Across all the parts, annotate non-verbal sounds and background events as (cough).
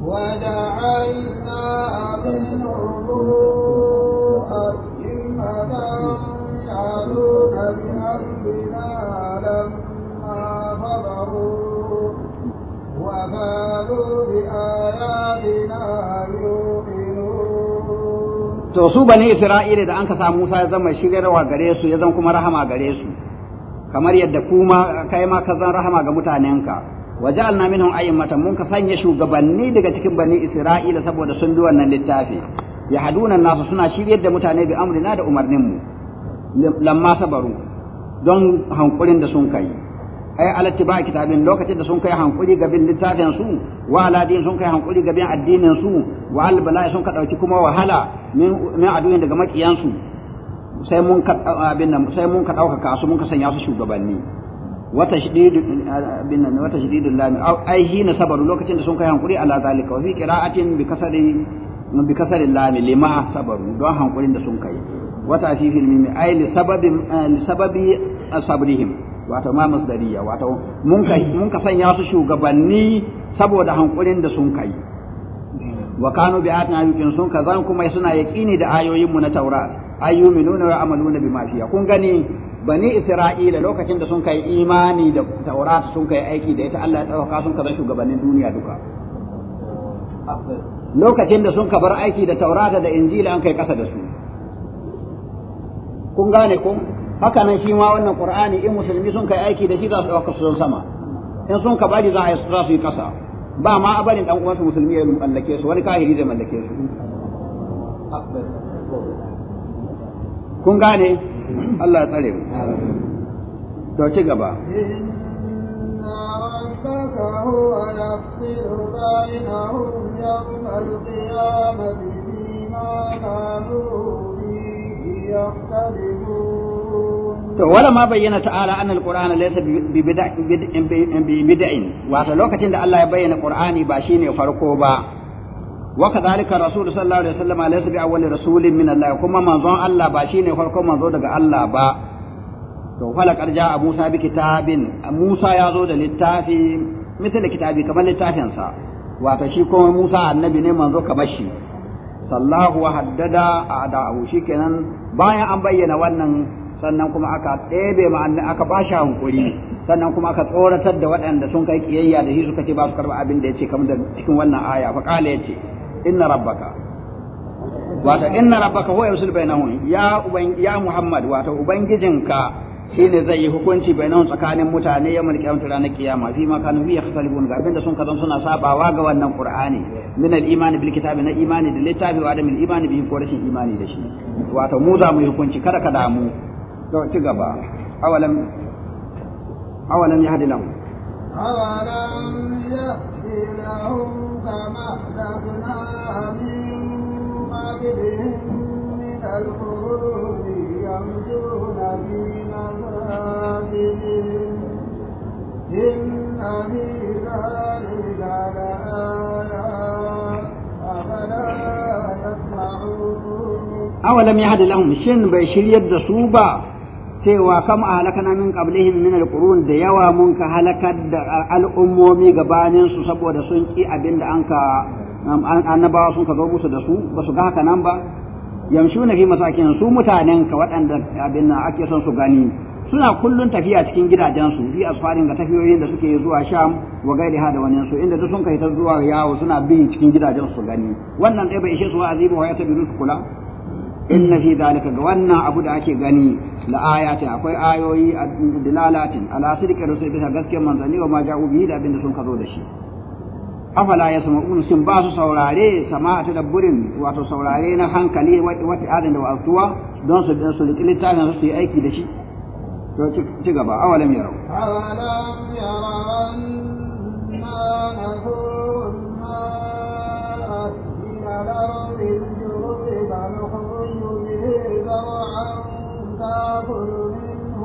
وجعلنا منهم أئمة To su bani Isra'ila da an ka samu Musa ya zama shigarwa gare su ya zama kuma rahama gare su, kamar yadda kuma kai ma ka zan rahama ga mutanenka. وجعلنا منهم أئمة منك سنة شوغبني دقا تكن بني إسرائيل سبو دا سنبي وانا للتافي يحدون الناس سنة شير يد متاني بأمرنا دا أمر نمو لما صبروا دون هنقلن دا سنكي أي على اتباع كتابين لو كتب سنكي هنقلي قبل للتافي سو وعلى دين سنكي هنقلي قبل الدين سو وعلى البلاء سنكي أوتكما وهلا من عدوين دقا مكيان سو sai mun ka abin nan sai mun ka ɗaukaka su mun ka sanya su shugabanni وتشديد اللام او اي حين صبروا لوكتين da sun kai hankuri ala zalika wa fi qira'atin bi kasari bi kasari lam lima sabaru don hankurin da sun kai wa sababin wato ma masdariya wato mun kai mun ka sanya su shugabanni saboda hankulin da sun kai wa kanu bi atina yuqin sun kazan kuma suna yaqini da ayoyin mu na taurat ayyuminuna wa amaluna bima fiha kun gani bani isra'ila lokacin da sun kai imani da taurat sun kai aiki da ita Allah ya ɗauka sun kaza shugabannin duniya duka lokacin da sun ka bar aiki da taurata da injila an kai ƙasa da su kun gane ku? haka nan shi ma wannan qur'ani in musulmi sun kai aiki da shi za su ɗauka su sama in sun ka bari za a yi za su yi ƙasa ba ma a barin dan uwansu musulmi ya mallake su wani kahiri zai mallake su kun gane Allah ya tsare mu to ci gaba To wala ma bayyana ta'ala annal Qur'ana laysa bi bid'in wato lokacin da Allah ya bayyana Qur'ani ba shine farko ba وكذلك الرسول صلى الله عليه وسلم ليس بأول رسول من الله كما منظون الله باشين فرقم منظون دقى الله با to falakar ja a Musa bi kitabin Musa ya zo da littafi misali kitabi kamar littafinsa wato shi kuma Musa annabi ne manzo kamar shi sallahu wa haddada a bayan an bayyana wannan sannan kuma aka ɗebe ma'anna aka ba shi hankuri sannan kuma aka tsoratar da waɗanda sun kai kiyayya da shi suka ce ba su karɓa abin da ya ce kamar da cikin wannan aya fa ƙala ya ce inna rabbaka wato inna rabbaka huwa yusul bainahum ya uban ya muhammad wato ubangijinka shine zai yi hukunci bainahum tsakanin mutane ya mulki ranar kiyama fi ma kanu bi yakhtalifun ga abinda sun kazan suna sabawa ga wannan qur'ani min al imani bil kitabi na imani da littafi wa adam al imani ko rashin imani da shi wato mu za mu yi hukunci kada ka damu to ci gaba awalam awalam awalam لهم كما أهلكنا من قبلهم من القرون يمشون في مساجدهم إن في ذلك لآيات أفلا يسمعون أولم يهد لهم شن بيشير يد سوبا cewa kam a halakana min qablihim min alqurun da yawa mun ka halakar da al'ummomi gabanin su saboda sun ki abin da anka annabawa sun ka zo musu da su ba su ga haka nan ba na fi masakin su mutanen ka waɗanda abin nan ake son su gani suna kullun tafiya cikin gidajensu bi asfarin ga tafiyoyin da suke zuwa sham wa gairi da wani su inda duk sun kai ta zuwa yawo suna bin cikin gidajen su gani wannan ɗaya bai ishe su wa'azi ba wa ya su kula inna fi zalika ga wannan abu da ake gani la ayati akwai ayoyi dilalatin ala sidqi rusul bi gaskiyar manzanni wa ma ja'u bihi da abinda sun kazo da shi afala yasma'un sun ba su saurare sama'a tadabburin wato saurare na hankali wata adan da wa'tuwa don su su riƙi littafin su yi aiki da shi to ci gaba awalam yarau awalam yarau تاكل منه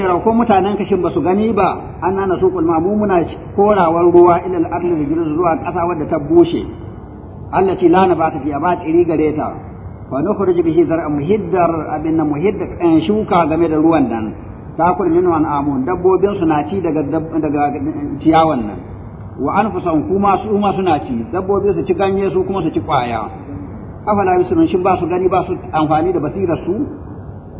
yara ko mutanen kashin basu gani ba an nana kulma mu, muna korawar ruwa ilal ardi da zuwa ƙasa wadda ta bushe Allah ce lana ba ta fiya ba tsiri gare ta fa nukhruj bihi zar'an muhiddar abinna muhidda an shuka game da ruwan nan takul min wan amun dabbobin su na ci daga daga ciyawan nan wa anfusan kuma su ma suna ci dabbobi su ci ganye su kuma su ci kwaya afala yusirun shin ba su gani ba su amfani da basirar su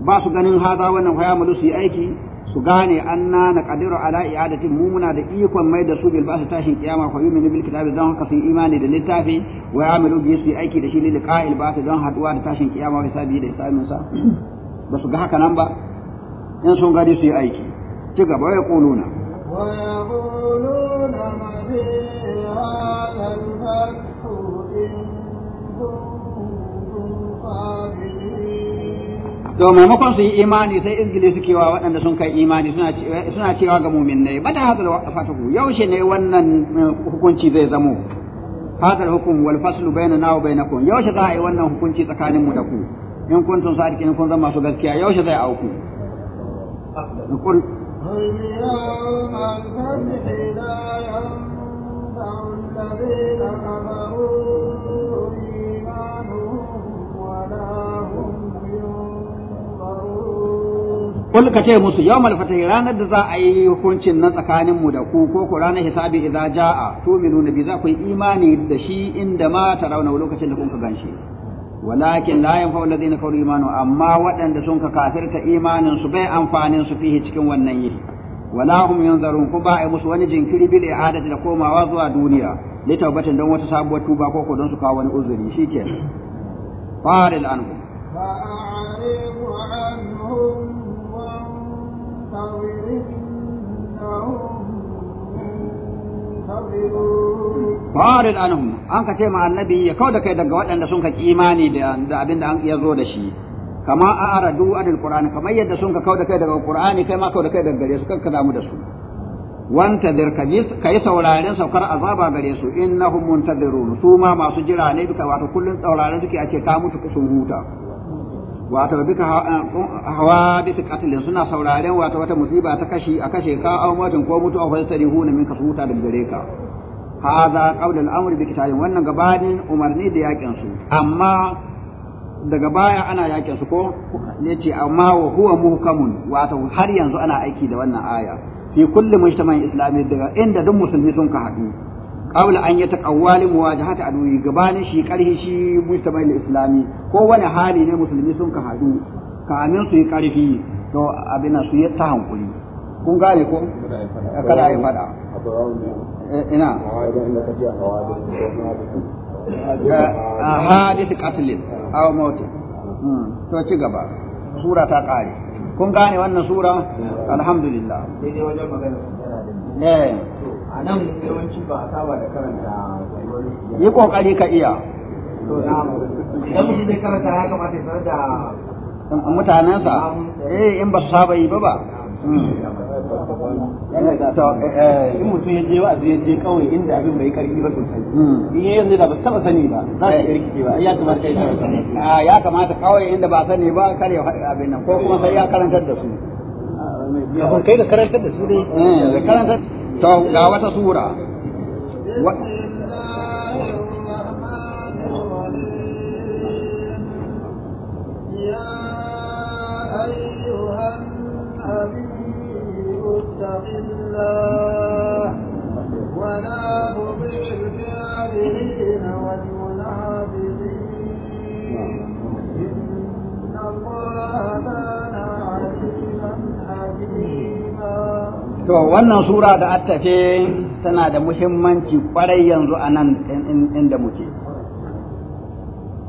ba su ganin hada wannan fa mulu su yi aiki su gane anna na qadiru ala i'adati mu muna da ikon mai da su bil ba su tashin kiyama ko yumin bil kitabi dan haka su imani da littafi wa yamalu bi su yi aiki da shi ne liqa'il ba su dan haduwa da tashin kiyama wa sabi da isamin sa ba su ga haka nan ba in sun gadi su yi aiki ci gaba ya kuluna ويقولون متى هذا الفتح to maimakon su yi imani sai izgili suke wa waɗanda sun kai imani suna cewa ga muminai bada hadal fatahu yaushe ne wannan eh, hukunci zai zamo hadal hukum wal faslu bai wa kun? yaushe za a yi wannan hukunci tsakanin mu da ku in kuntum sadiqin kun zama su gaskiya yaushe zai auku يوم ce musu yau malfatahi ranar da za a yi hukuncin nan tsakanin mu da ku ko ku ranar hisabi idza ja'a tuminu nabi za ku yi imani da shi inda ma tarawna lokacin da kun ka ganshi. walakin la yanfa alladhina kafaru imanu amma waɗanda sun ka kafirta imanin su bai amfanin su fihi cikin wannan yi walakun hum yanzarun ku ba musu wani jinkiri bil i'adati da komawa zuwa duniya li tawbatin don wata sabuwar tuba ko ko don su kawo wani uzuri shike faril anhu fa'aridu wa Ba'arin anhum an ka ce ma annabi ya kawo da kai daga waɗanda sun ka imani da abin da ya zo da shi kama a aradu adil qur'ani kamar yadda sun ka kawo da kai daga qur'ani kai ma kawo da kai daga gare su kanka damu da su wanta dir ka yi sauraren saukar azaba gare su innahum muntadirun su ma masu jira ne duka wato kullun sauraren suke a ce ka mutu sun huta wato duka hawa da eh, ta suna sauraren wato wata musiba ta kashi a kashe ka an watan ko mutu a fasari huna min ka su huta daga gare ka hadha qawlul amr bi kitabin wannan gabanin umarni da yakin su amma daga baya ana yakin su ko ce amma wa huwa muhkamun wato har yanzu ana aiki da wannan aya fi kulli mujtama'in islami daga inda duk musulmi sun ka haɗu qabla an yataqawwa a muwajahati adwi gabanin shi karhi shi mujtama'il islami ko wani hali ne musulmi sun ka hadu kamin su yi karfi to eh, ah, hmm, to ci gaba sura ta kare wannan a nan yawanci ba a saba da karanta yi kokari ka iya na idan mutum zai karanta ya kamata ya sanar da mutanensa eh in ba saba yi ba ba hmm. eh, in mutum ya je wa ya je kawai inda abin bai karfi ba sosai hmm. in yanzu da ba taba sani ba za su iya rikice ba eh, ya kamata ya ah, ya kamata kawai inda ba sani ba kar ya faɗi abin nan ko kuma sai ya karantar da su ah, kafin kai ka karantar da su dai eh, ka karantar to ga wata sura Ya ayyuhan nabiyyu ittaqillaha to wannan sura da attafe tana da muhimmanci kwarai yanzu a nan inda muke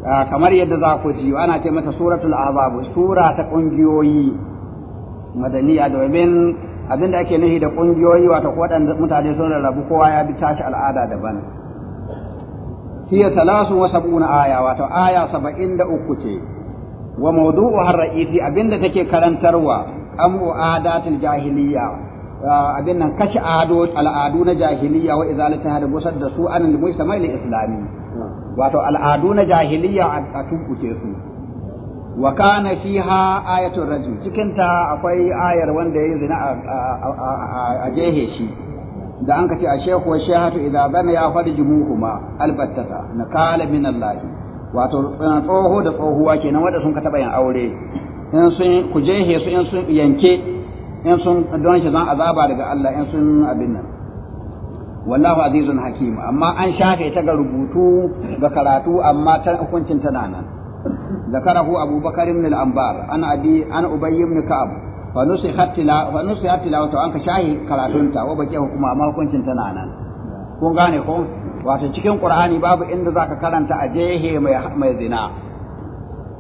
ah, kamar yadda za ku ji ana ce mata suratul azabu sura ta kungiyoyi madaniya domin abinda ake nufi da kungiyoyi wata waɗanda mutane sun rarrabu kowa ya bi tashi al'ada daban hiya talasu wa sab'una aya wato aya saba'in da uku ce wa mawdu'u har ra'isi abinda take karantarwa amu adatul jahiliya abin nan kashe al'adu na jahiliya wa izalata da gusar da su anil mai islami wato al'adu na jahiliya a tunkuce su wa kana fiha ayatul rajul cikin ta akwai ayar wanda yayi zina a jehe shi da an kace a shehu wa shehatu idza zana ya kuma. albattata kala min Allah wato tsoho da tsohuwa kenan wanda sun ka taba yin aure in sun ku jehe su in sun yanke in sun don shi zan azaba daga Allah in sun abin nan wallahu azizun hakim amma an shafe ta ga rubutu ga karatu amma ta hukuncin tana nan ذكره أبو بكر بن الأنبار عن أبي عن أبي بن كعب فنصحت تلا فنصحت تلاوته أنك شاهي كراتونتا وبكيه كما ما كنت تنانا kun gane ko wato cikin ƙur'ani babu inda zaka karanta a jehe mai zina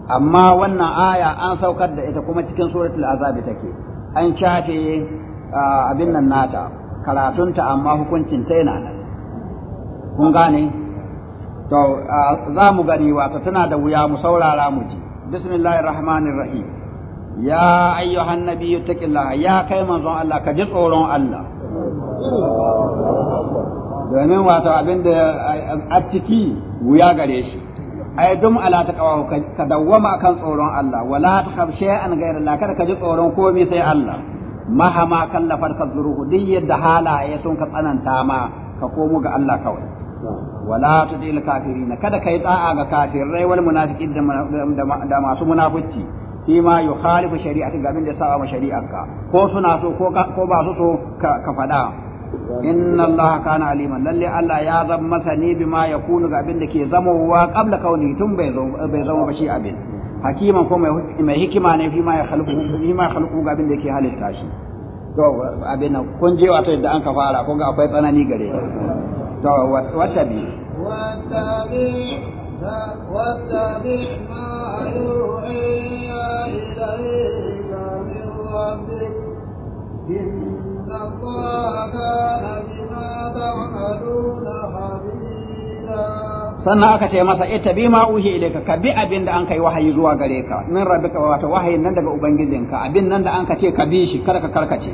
amma wannan aya an saukar da ita kuma cikin suratul azabi take an shafe abin nan nata karatunta amma hukuncin ta yana nan kun gane to za mu gani wato tana da wuya mu saurara mu ji bismillahir rahmanir rahim ya ayyuhan nabiyyu taqillah ya kai manzon Allah ka ji tsoron Allah domin wato abin da a ciki wuya gare shi ai dum ala taqwa ka dawwama akan tsoron Allah wala khabshe an ghayra Allah kada ka ji tsoron komai sai Allah mahama kallafar ka zuruhu din yadda halaye sun ka tsananta ma ka komo ga Allah kawai wala dil kafirina kada kai da'a ga kafirai wal munafiqin da masu munafici fi ma yukhalifu shari'ati ga da sa'a ma shari'arka ko suna so ko ba su so ka fada inna allaha kana aliman lalle Allah ya zama masani bima yakunu ga abin da ke zamowa qabla kauni tun bai bai zama ba shi abin hakiman ko mai hikima ne fi ma ya khalqu fi ma khalqu ga abin da ke halitta shi to abin nan kun je wato da an ka fara kun ga akwai tsanani gare to wata bi واتبع ما يوحي إليك من ربك sannan aka ce masa ita bi ma uhi ilayka ka bi abin da an kai wahayi zuwa gare ka min rabbika wato wahayin nan daga ubangijinka abin nan da an ka ce ka bi shi kada ka karkace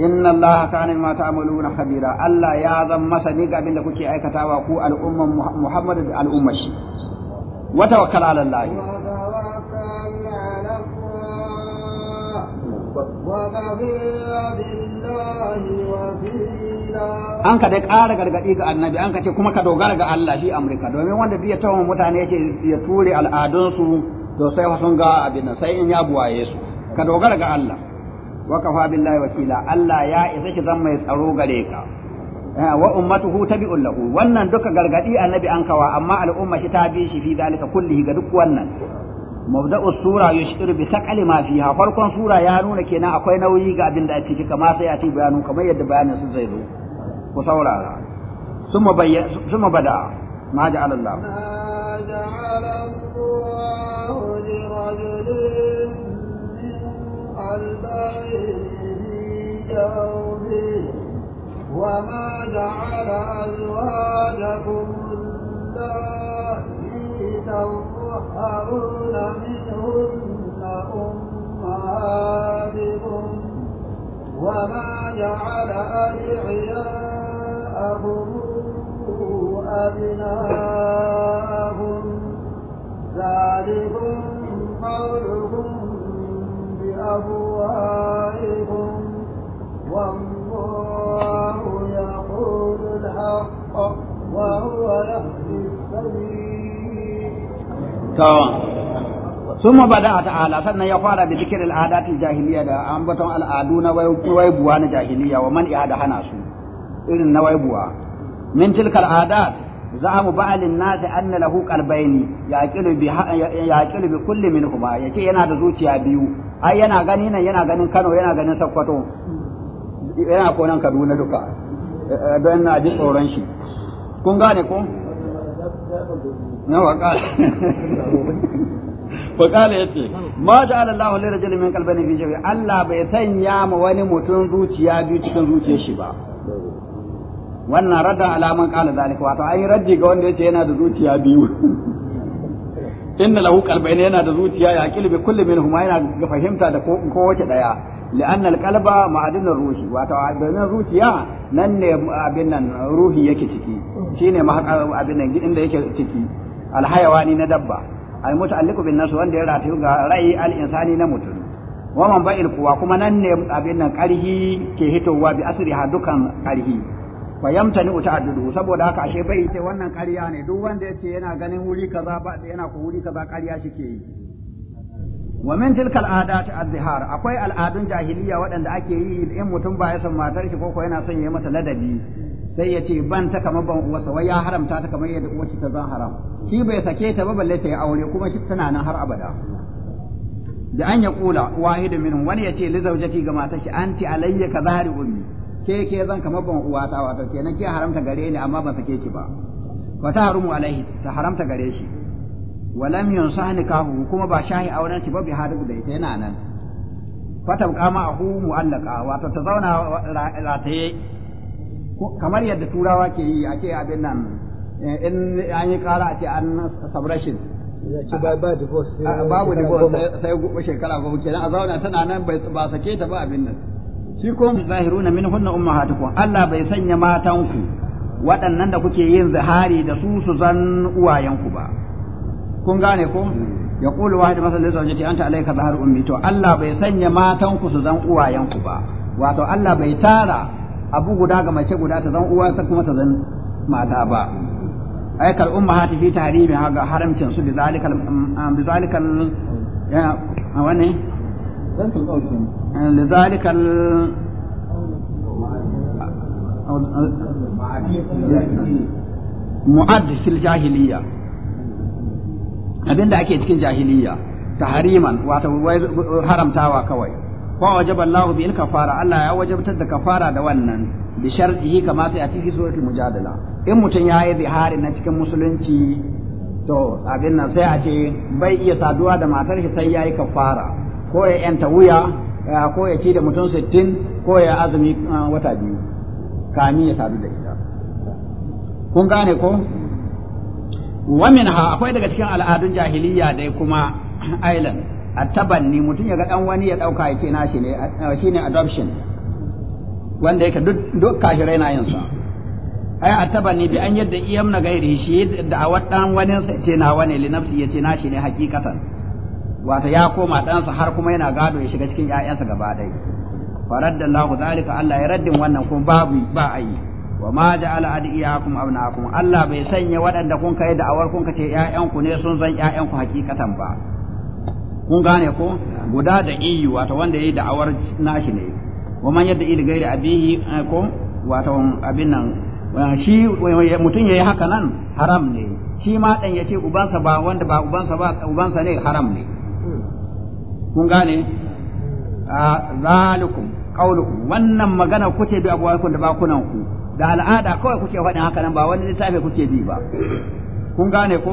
inna allaha kana ma ta'maluna khabira allah ya zan ne ga abin da kuke aikatawa ku al'umman muhammad da al'ummar shi wa tawakkal ala allah an ka dai ƙara gargaɗi ga annabi an ka ce kuma ka dogara ga Allah shi Amurka domin wanda biya ya tawo mutane ce ya ture al'adunsu to sai wasu ga abin sai in ya buwaye su ka dogara ga Allah wa kafa billahi wakila Allah ya isa shi zan mai tsaro gare ka eh, wa ummatuhu tabi'un lahu wannan duka gargaɗi annabi an kawa amma al'umma shi ta bi shi fi dalika kulli ga duk wannan mabda'u sura yushir bi taqali ma fiha farkon sura ya nuna kenan akwai nauyi ga abin da a ciki kamar sai a ci bayanu kamar yadda bayanin su zai zo ku saurara summa bayya summa bada ma ja'ala Allah ma ja'ala Allah li rajulin min وما جعل أزواجكم الله تطهرون منهن أمهاتكم وما جعل أدعياءهم أبناءهم ذلكم قولهم بأبوائهم والله يقول الحق وهو يهدي السبيل to sun mabada a ta'ala sannan ya fara da zikirin al'adatun jahiliya da ambaton al'adu na waibuwa na jahiliya wa man iya da hana su irin na waibuwa min tilka al'adat za mu ba alin nasi an na lahu karbaini ya kilu bi kulli min kuma ya yana da zuciya biyu ai yana gani nan yana ganin kano yana ganin sakkwato yana konan kaduna duka eh, eh, don na ji tsoron shi kun gane ko na waƙala waƙala ya ce ma ta alallahu lera jalimin kalbani fi jabi Allah bai sanya ma wani mutum zuciya biyu cikin zuciyar shi ba wannan rada alaman ƙala zalika wato an yi raddi ga wanda yace yana da zuciya biyu inna lahu qalbayn yana da zuciya ya aqilu kullu min huma yana ga fahimta da ko wace daya li'anna al-qalba ma'adinar ruhi wato domin zuciya nan ne abin nan ruhi yake ciki shine abin nan inda yake ciki alhayawani na dabba al muta'alliqu bin nas wanda ya ratayu ga rai al insani na mutum wa man ba'il kuwa kuma nan ne abin nan karhi ke hitowa bi ha dukan karhi fa yamtani ta'addudu saboda haka ashe bai ce wannan ƙarya ne duk wanda yace yana ganin wuri kaza ba yana ku wuri kaza ƙarya shike yi wa min tilka adat al zihar akwai al'adun jahiliya waɗanda ake yi in mutum ba ya san matar shi ko ko yana son ya mata ladabi sai ya ce ban ta kamar ban uwarsa wai ya haramta ta kamar yadda uwarsa ta zan haram shi bai sake ta ba balle ta yi aure kuma shi tana nan har abada da an ya kula wahidu minhum wani ya ce li jaki ga matar shi anti alayya ka zahari ummi ke ke zan kamar ban uwata wato kenan ke haramta gare ni amma ban sake ki ba fa ta harumu alaihi ta haramta gare shi walam yunsahni kahu kuma ba shahi auren shi ba bi hadu da ita yana nan fatabqa ma'ahu mu'allaqa wato ta zauna rataye kamar yadda turawa ke yi ake abin nan eh, in an yi kara a ce an sabrashin babu divorce sai shekara goma kenan a zauna tana nan bai ba sake ta ba abin nan shi ko zahiruna min hunna ummahatukum Allah bai sanya matanku waɗannan da kuke yin zahari da su su zan uwayenku ba kun gane ko ya kulu wahid masalli zawjati anta alayka zahar ummi to Allah bai sanya matanku su zan uwayenku ba wato Allah bai tara abu guda ga mace guda ta zan uwa ta kuma ta zan mata ba ay kal hati fi tahrimi haga haramcin su um, ya wani ake cikin jahiliya tahriman wato haramtawa kawai fa wajaba Allahu bil kafara Allah ya wajabtar da kafara da wannan bi shartihi kama sai a cikin suratul mujadala in mutum yayi yi zihari na cikin musulunci to abin nan sai a ce bai iya saduwa da matar shi sai yayi kafara ko ya yanta wuya eh, ko ya ci da mutum 60 ko ya azumi eh, wata biyu kami ya sadu da ita kun gane ko wa minha akwai daga cikin al'adun jahiliya dai kuma (coughs) island a tabanni mutum ya ga dan wani ya dauka ya ce na shi ne ne adoption wanda yake duk duk kafirai na yin sa ai a tabanni bi an yadda iyam na gairi shi da a wadan wani sa ce na wani li nafsi ya ce na shi ne hakikatan wato ya koma ɗansa har kuma yana gado ya shiga cikin ƴaƴansa gaba ɗaya faradda Allah zalika Allah ya raddin wannan kuma babu ba ayi wa ma ja'ala adiyakum abnaakum Allah bai sanya waɗanda kun kai da awar kun kace ƴaƴanku ne sun zan ƴaƴanku hakikatan ba kun gane ko guda da iyu e wato wanda yayi da'awar nashi ne wa man yadda ila gairi abihi eh, ko wato abin nan eh, shi eh, mutum yayi haka nan haram ne shi ma dan yace ubansa ba wanda ba ubansa ba ubansa ne haram ne kun gane ah, zalikum qaulukum wannan magana kuce bi abuwaikum da kunan ku da al'ada kawai kuke faɗin haka nan ba wani littafi kuke bi ba kun gane ko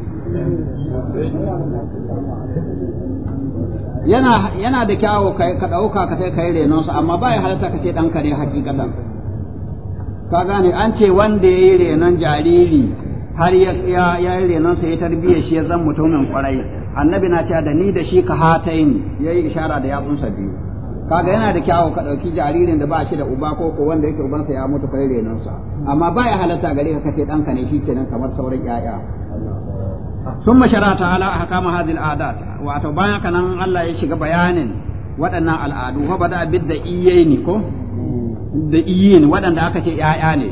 yana yana da kyawo ka ɗauka ka kai ka renon su amma ba ya halatta ka ce ɗanka ne hakikatan ka gane an ce wanda ya yi renon jariri har ya yi renon ya tarbiyya shi ya zan mutumin kwarai annabi na cewa da ni da shi ka hatayin ya yi ishara da yatsunsa biyu kaga yana da kyawo ka ɗauki jaririn da ba shi da uba ko ko wanda yake ubansa ya mutu kai renon amma ba ya halatta gare ka ka ɗanka ne shi kenan kamar sauran 'ya'ya ثم شرع تعالى أحكام هذه العادات وأتبعنا كان الله يشيك بيان waɗannan al'adu fa bada abin da iye ko da iye waɗanda aka ce ‘ya'ya ne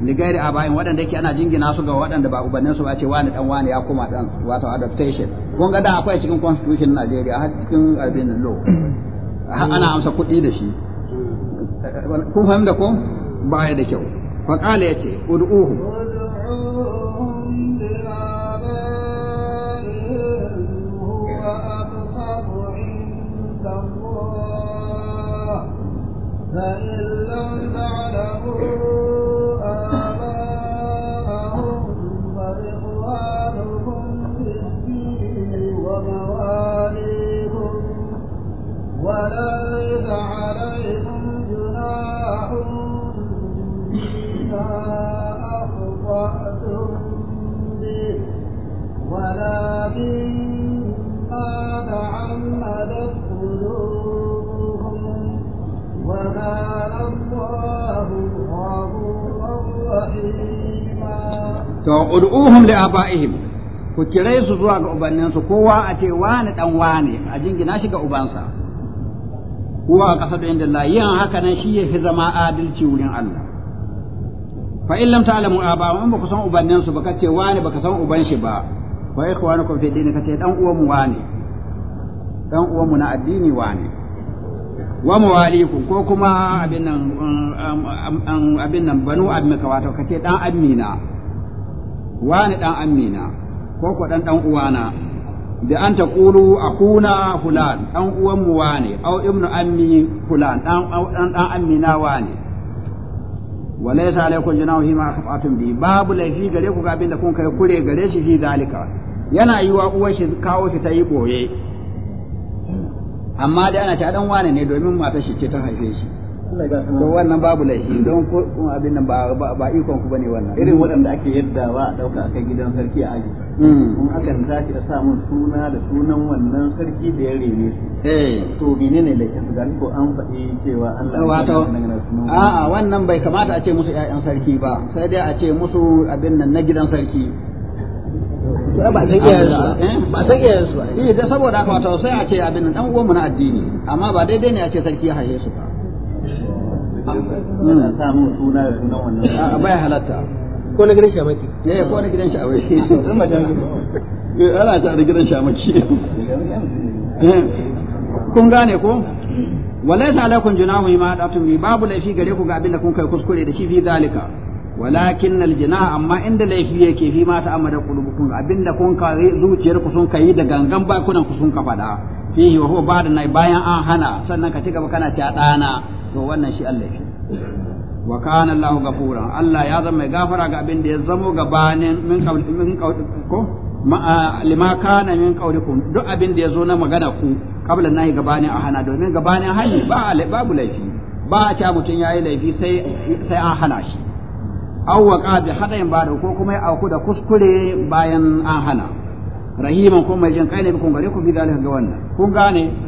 ligari a bayan waɗanda yake ana jingina su ga waɗanda ba ubannin su ba ce wani dan wani ya koma dan wato adaptation kun ga da akwai cikin constitution Najeriya har cikin abin law ana amsa kuɗi da shi kun fahimta ko baya da kyau fa qala yace ud'uhu فإن لم تعلموا ud'uhum li abaihim ku kire su zuwa ga ubanninsu kowa a ce wani dan wani a jingina shi ga ubansa huwa a ƙasar inda Allah yin haka nan shi yafi zama adalci wurin Allah fa in lam ta'lamu aba ba baka san ubanninsu ba baka ce wani baka san uban shi ba wa ikhwanukum fi dini ce dan uwanmu wani dan uwanmu na addini wani wa mawalikum ko kuma abin nan um, um, um, abin nan banu abin ka ce kace dan amina wani dan amina ko ko dan dan uwana da an ta kulu akuna fulan dan uwan mu wane au ibnu ammi fulan dan dan dan amina wane walaysa alaykum junahu hima akhfatum bi babu laifi gare ku ga abin da kun kai kure gare shi fi zalika yana yiwa uwar shi kawo shi ta yi boye amma dai ana ta dan wane ne domin matar shi ce ta haife shi to wannan babu laifi don ko abin nan ba ikon ku bane wannan irin waɗanda ake yadda ba a ɗauka akai gidan sarki a aji hmm. aka akan tashi a samu suna da sunan wannan sarki da ya rene su eh. to menene laifin su gani ko an faɗi cewa Allah wato a'a wannan bai kamata a ce musu ƴaƴan sarki ba sai dai a ce musu abin nan na gidan sarki ba san iyayensu ba san iyayensu eh? ba eh da saboda haka wato sai a ce abin nan dan uwan mu na addini amma ba daidai ne a ce sarki ya haye su ba samu suna da sunan wannan a baya halatta ko na gidan shamaki eh ko na gidan shamaki (laughs) eh, ana ta da gidan shamaki eh, kun gane ko walaysa alaikum junahun ma datum bi babu laifi gare ku ga abin da kun kai kuskure da shi fi zalika walakin aljinah amma inda laifi yake fi ma ta'ammada qulubukum abinda kun kai zuciyar ku sun kai da gangan bakunan ku sun ka fada fihi wa huwa ba'da nay bayan an hana sannan ka ci gaba kana ci dana to wannan shi Allah shi wa kana Allah gafura Allah ya zama mai gafara ga abin da ya zamo gabanin min kauli min kauli ko ma lima kana min kauli qawlikum duk abin da ya zo na magana ku kabla nahi gabanin a hana domin gabanin hali ba babu laifi ba a ca mutum yayi laifi sai sai an hana shi aw wa qadi hadain ba da ko kuma ya auku da kuskure bayan an hana rahiman kuma mai jin kai ne kun gare ku bi dalika ga wannan kun gane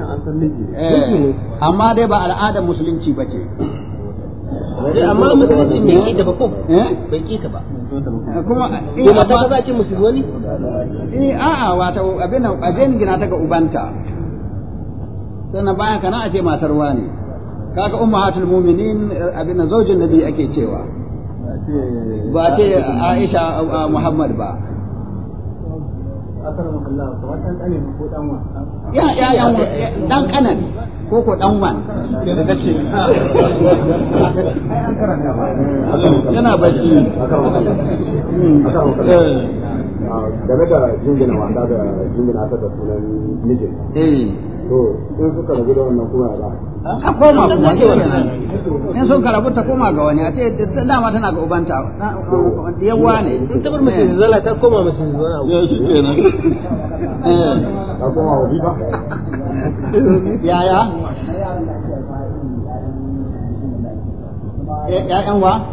wannan an san miji eh, amma dai ba al'adar musulunci ba ce amma musulunci bai kita ba ko eh? bai kita eh, ba kuma kuma ta za ce musulmi eh a'a wata abin abin gina ta ga ubanta sannan bayan kana a ce matar wani kaga ummahatul mu'minin abin zaujin nabi ake cewa ba ce Aisha Muhammad ba ya ya ya dan kanan ko ko dan wan da kace yana bacci eh. ah, game da jingina wanda da jingina ta da sunan mijin eh. to in suka rabu da wannan kuma ba a koma kuma ce wannan in sun karabu ta koma ga wani a ce dama tana ga ubanta yawa ne in ta bar mace zala ta koma mace zala ya shi kenan eh. ta koma wa biba yaya ya'yan wa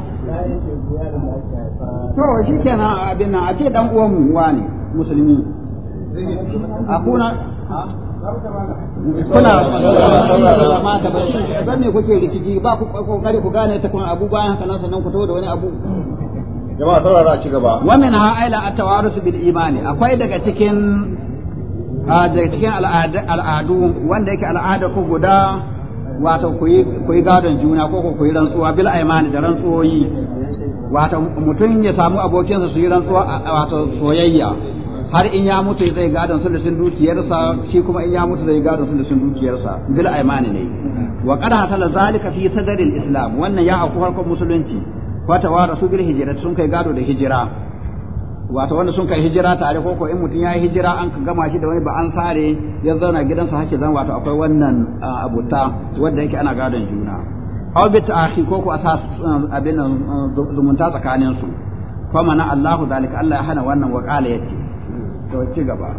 to shi kenan abin nan a ce dan uwan wa ne musulmi akuna kuna ma da bashi me kuke rikici ba ku kokari ku gane ta kun abu bayan haka nan sannan ku tawo da wani abu jama'a saurara ci gaba wa min ha aila at-tawarus bil imani akwai daga cikin daga cikin al'adu wanda yake al'ada ku guda wato ku yi gadon juna ko ku yi rantsuwa bil imani da rantsuwoyi wato mutum ya samu abokinsa su yi rantsuwa wato soyayya har in ya mutu zai gadon sun dukiyarsa shi kuma in ya mutu zai gadon sun dukiyarsa bil aymani ne wa qad hasala zalika fi sadril islam wannan ya aku harkon musulunci wata wa rasul bil hijra sun kai gado da hijira wato wanda sun kai hijira tare ko in mutum ya yi hijira an ka gama shi da wani ba an sare ya zauna gidansa shi zan wato akwai wannan abuta wanda yake ana gadon juna aw bi ta'akhi ko ko asas abin zumunta tsakanin su kuma na Allahu zalika Allah ya hana wannan wa qala yace to ci gaba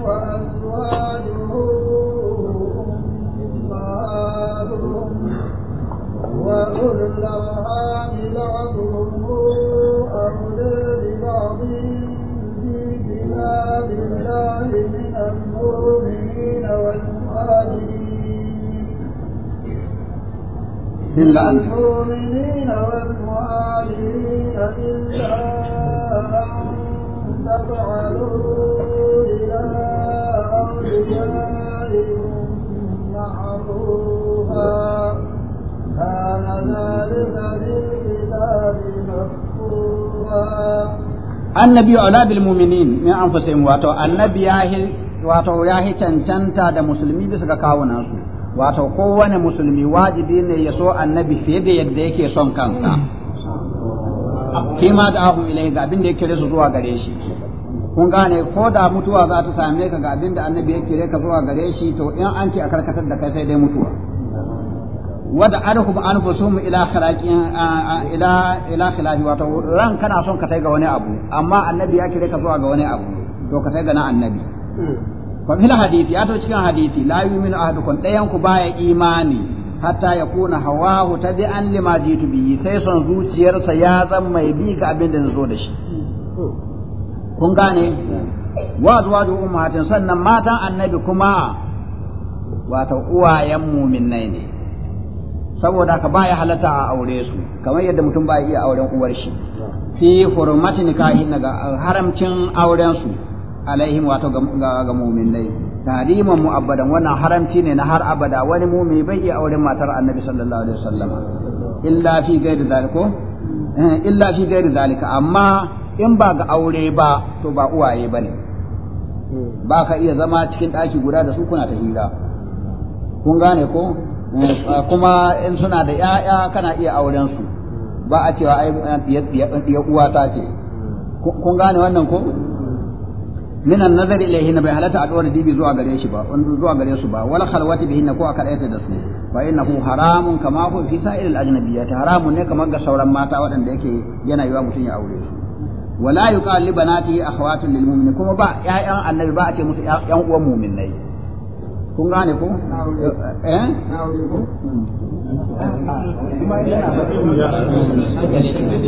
وأزواجه وأولو الأرحام بعضهم أولى ببعض في كتاب الله من المؤمنين والمهاجرين إلا أنت annabi ala bil mu'minin min anfusihim wato annabi wato cancanta da musulmi bisa ga kawunan su wato kowane musulmi wajibi ne ya so annabi fiye da yadda yake son kansa kima mm. da ahu ilai ga abin da ya kire su zuwa gare shi kun gane ko da mutuwa za ta same ka ga abin da annabi ya kire ka zuwa gare shi to in an ce a karkatar da kai sai dai mutuwa wada arhum anfusum ila khalaqin ila ila khilafi wato ran kana son ka tai ga wani abu amma annabi ya kire ka zuwa ga wani abu to ka tai ga na annabi mm. fa fil hadisi ya to cikin hadisi la yu'minu ahadukum dayan ku baya imani hatta yakuna hawahu tabi'an lima jitu bihi sai son zuciyarsa ya zan mai bi ga abin da zo da shi kun gane wadu wadu ummatin sannan matan annabi kuma wato uwayen mu'minnai ne saboda ka baya halatta a aure su kamar yadda mutum baya iya auren uwar shi fi hurmati nikahin ga haramcin auren su alaihim wato ga mu'minai tahriman mu'abbadan wannan haramci ne na har abada wani mumin bai iya auren matar annabi sallallahu alaihi wasallam illa fi ghairi zalika eh, illa fi ghairi zalika amma in ba ga aure ba to ba uwaye bane ba ka iya zama cikin ɗaki guda da su kuna ta hira kun gane ko eh, kuma in suna da ‘ya'ya kana iya auren su ba a cewa ai ya uwa ta ce kun gane wannan ko min an-nazari ilayhi na bai halatta a dora dibi zuwa gare shi ba zuwa gare su ba wala khalwati bihin ko a kadaita da su fa innahu haramun kama hu fi sa'iril ajnabiyyati haramun ne kamar ga sauran mata waɗanda yake yana yiwa mutum ya aure su wala yuqal li banatihi akhawatun lil mu'minin kuma ba ƴaƴan annabi ba a ce musu ƴan uwan mu'minnai kun gane eh? ko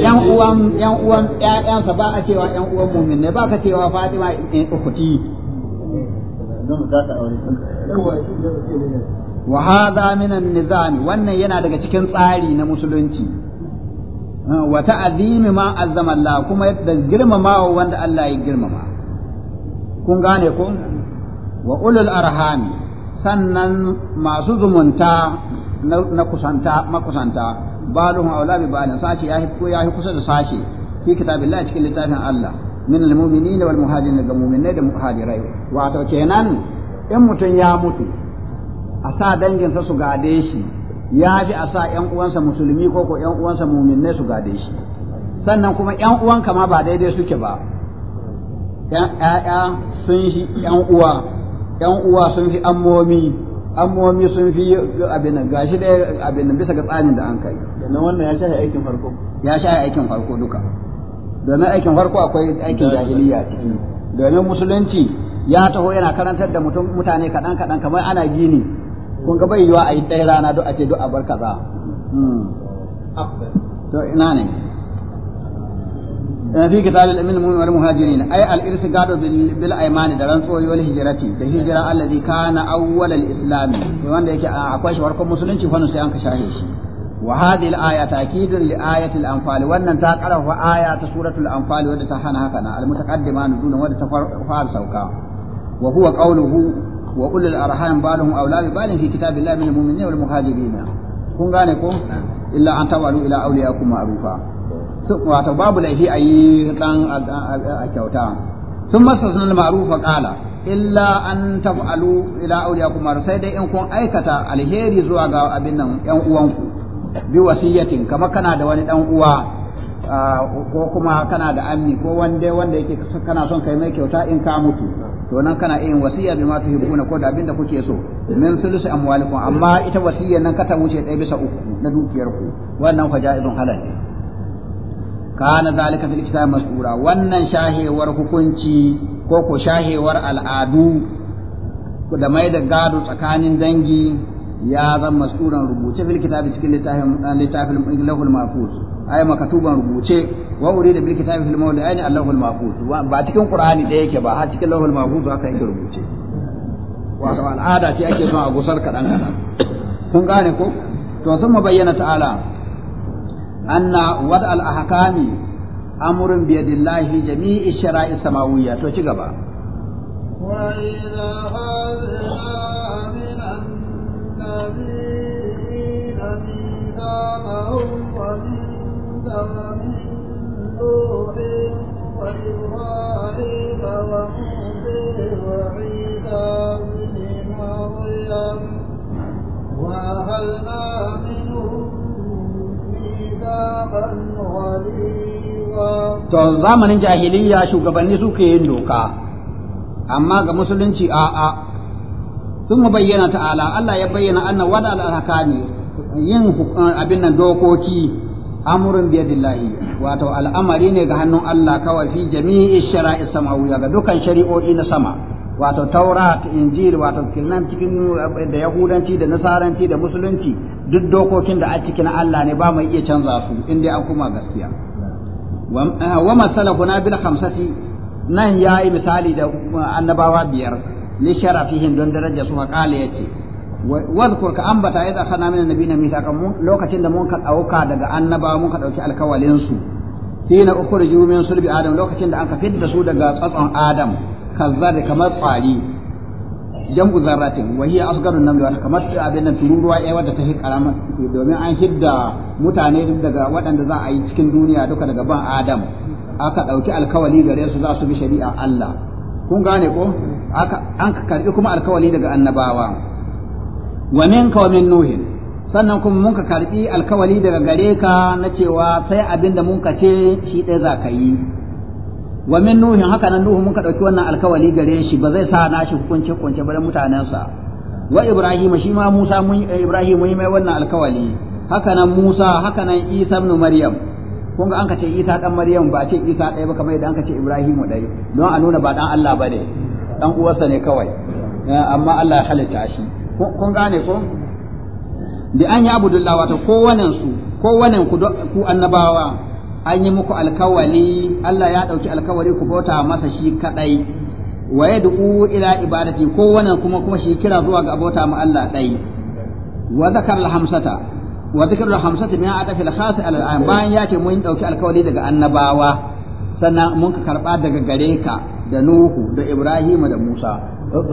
yan uwan yan uwan ƴaƴansa ba a cewa yan uwan mumin ne ba ka cewa Fatima in ukuti wa hadha min an-nizami wannan yana daga cikin tsari na musulunci wa ta'zimi ma azzama Allah kuma yadda girmamawa wanda Allah ya girmama kun gane ko wa ulul arhami sannan masu zumunta na kusanta makusanta baluhum aula bi balin sashi yahi ko yahi kusa da sashi fi kitabillahi cikin littafin Allah min almu'minina wal muhajirin da mu'minai da muhajirai wato kenan in mutum ya mutu a sa danginsa su gade shi ya fi a sa ƴan uwansa musulmi ko ko ƴan uwansa mu'minai su gade shi sannan kuma ƴan uwanka ma ba daidai suke ba ƴaƴa sun shi ƴan uwa ‘yan uwa sun fi ammomi, ammomi sun fi abin gashi da abin bisa ga tsarin da an kai. Sannan wannan ya shahi aikin farko? Ya shahi aikin farko duka. Domin aikin farko akwai aikin jahiliya ciki. Domin musulunci ya taho yana karantar da mutum mutane kaɗan kaɗan kamar ana gini. Kun ga bai yiwa a yi ɗaya rana duk a ce duk a bar kaza. Hmm. To ina ne? ina eh, fi kitab al da rantsoyi wal hijrati da hijra allazi kana awwal al-islam wanda yake ah, akwai shi warkon musulunci fa sai an ka sharhe shi wa hadhihi al-aya ta'kidun li ta hana haka na al-mutaqaddima nuduna wadda ta fara sauka wa huwa qawluhu wa qul al-arham balahum awlabi balin fi kitab allahi min al-mu'minin wal muhajirin kun gane ko illa an tabalu ila awliyakum ma'rufa wato babu laifi a yi dan a kyauta sun masa sunan ma'rufa kala illa an taf'alu ila kuma sai dai in kun aikata alheri zuwa ga abin nan yan uwanku bi wasiyatin kamar kana da wani dan uwa ko kuma kana da amni, ko wanda wanda yake kana son kai mai kyauta in ka mutu to nan kana yin wasiya bi ma tuhibbuna ko da abin da kuke so min sulusi amwalikum amma ita wasiyyan nan ka ta wuce ɗaya bisa uku na dukiyarku wannan fa ja'izun halal kana zalika fil kitab mas'ura wannan shahewar hukunci ko ko shahewar al'adu da mai da gado tsakanin dangi ya zan mas'uran rubuce fil kitab cikin littafin littafin lahul mahfuz ay makatuban rubuce wa urida bil kitab fil mawdi ayni allahul mahfuz ba cikin qur'ani da yake ba har cikin lahul mahfuz aka yi rubuce Wa wato al'ada ce ake son a gusar kadan kadan kun gane ko to sun bayyana ta'ala anna wad al ahkami amrun bi yadillahi jami'i shara'i samawiyya to ci gaba wa idha akhadna min an-nabiyina mithaqahum wa minka wa min nuhin wa To zamanin jahiliya shugabanni suke yin doka, amma ga musulunci a'a. Sun mu bayyana ta'ala, Allah ya bayyana annan wada ne, yin abin nan dokoki amurin biyar dillahi, wato al'amari ne ga hannun Allah kawai fi jami'i shara'i samawiya ga dukan shari'o'i na sama. wato taurat injil wato kinan cikin eh, da yahudanci da nasaranci da musulunci duk dokokin da a cikin Allah ne ba mai iya canza su in dai an kuma gaskiya wa eh, masalahuna bil khamsati nan yayi misali da eh, annabawa biyar ni sharafihin don daraja su qala yace wadhkur ka ambata mina nabi na mita mithaqan lokacin da mun ka dauka daga annabawa mun ka dauki alkawalin su hina ukhriju min sulbi adam lokacin da an ka fidda su daga tsatson adam kazzar kamar kwari jam'u zarratin wa asgarun nan da wata, kamar abin nan tururuwa ya wadda ta karama domin an hidda mutane duk daga waɗanda za a yi cikin duniya duka daga ban adam aka ɗauki alkawali gare su za su bi shari'a Allah kun gane ko an karɓi kuma alkawali daga annabawa wa minka wa min nuhin sannan kuma mun ka karɓi alkawali daga gare ka na cewa sai abin da mun ka ce shi ɗaya za ka yi wa min nuhin haka nan nuhu mun ka dauki wannan alkawali gare shi ba zai sa nashi hukunci kunce bare mutanansa wa ibrahim shi ma musa mun eh, ibrahim mun mai wannan alkawali haka nan musa haka nan isa ibn maryam kun ga an ka ce isa dan maryam ba a ce isa ɗaya ba kamar yadda an ka ce ibrahim ɗaya don a nuna ba dan allah bane dan uwarsa ne kawai eh, amma allah ya halitta shi kun gane ko bi an ya abudullah wato kowannen su kowannen ku annabawa an yi muku alkawali Allah ya ɗauki alkawari ku bauta masa shi kaɗai wa ya ila ibadati ko wannan kuma kuma shi kira zuwa ga bauta ma Allah ɗai wa zakar hamsata wa zakar hamsata min adafi al-khas al bayan ya ce mun ɗauki alkawali daga annabawa sannan mun ka karɓa daga gare ka da Nuhu da Ibrahim da Musa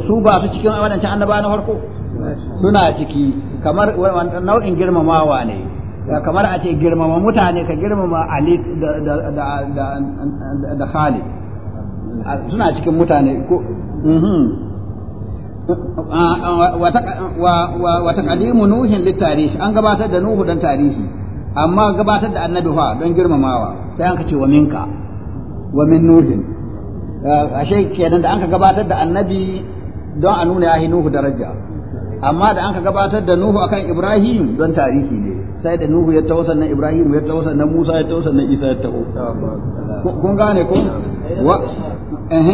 su ba su cikin wadancan annabawa na farko suna ciki kamar nau'in girmamawa ne kamar a ce girmama mutane ka girmama ali da khalid suna cikin mutane ko wa taqdimu nuhin littarihi an gabatar da nuhu dan tarihi amma gabatar da annabi fa don girmamawa sai an kace wa minka wa min nuhin ashe kenan da an ka gabatar da annabi don a nuna ya nuhu daraja amma da an ka gabatar da nuhu akan ibrahim don tarihi ne sai da Nuhu ya taho sannan Ibrahim ya taho sannan Musa ya taho sannan Isa ya taho kun gane ko wa eh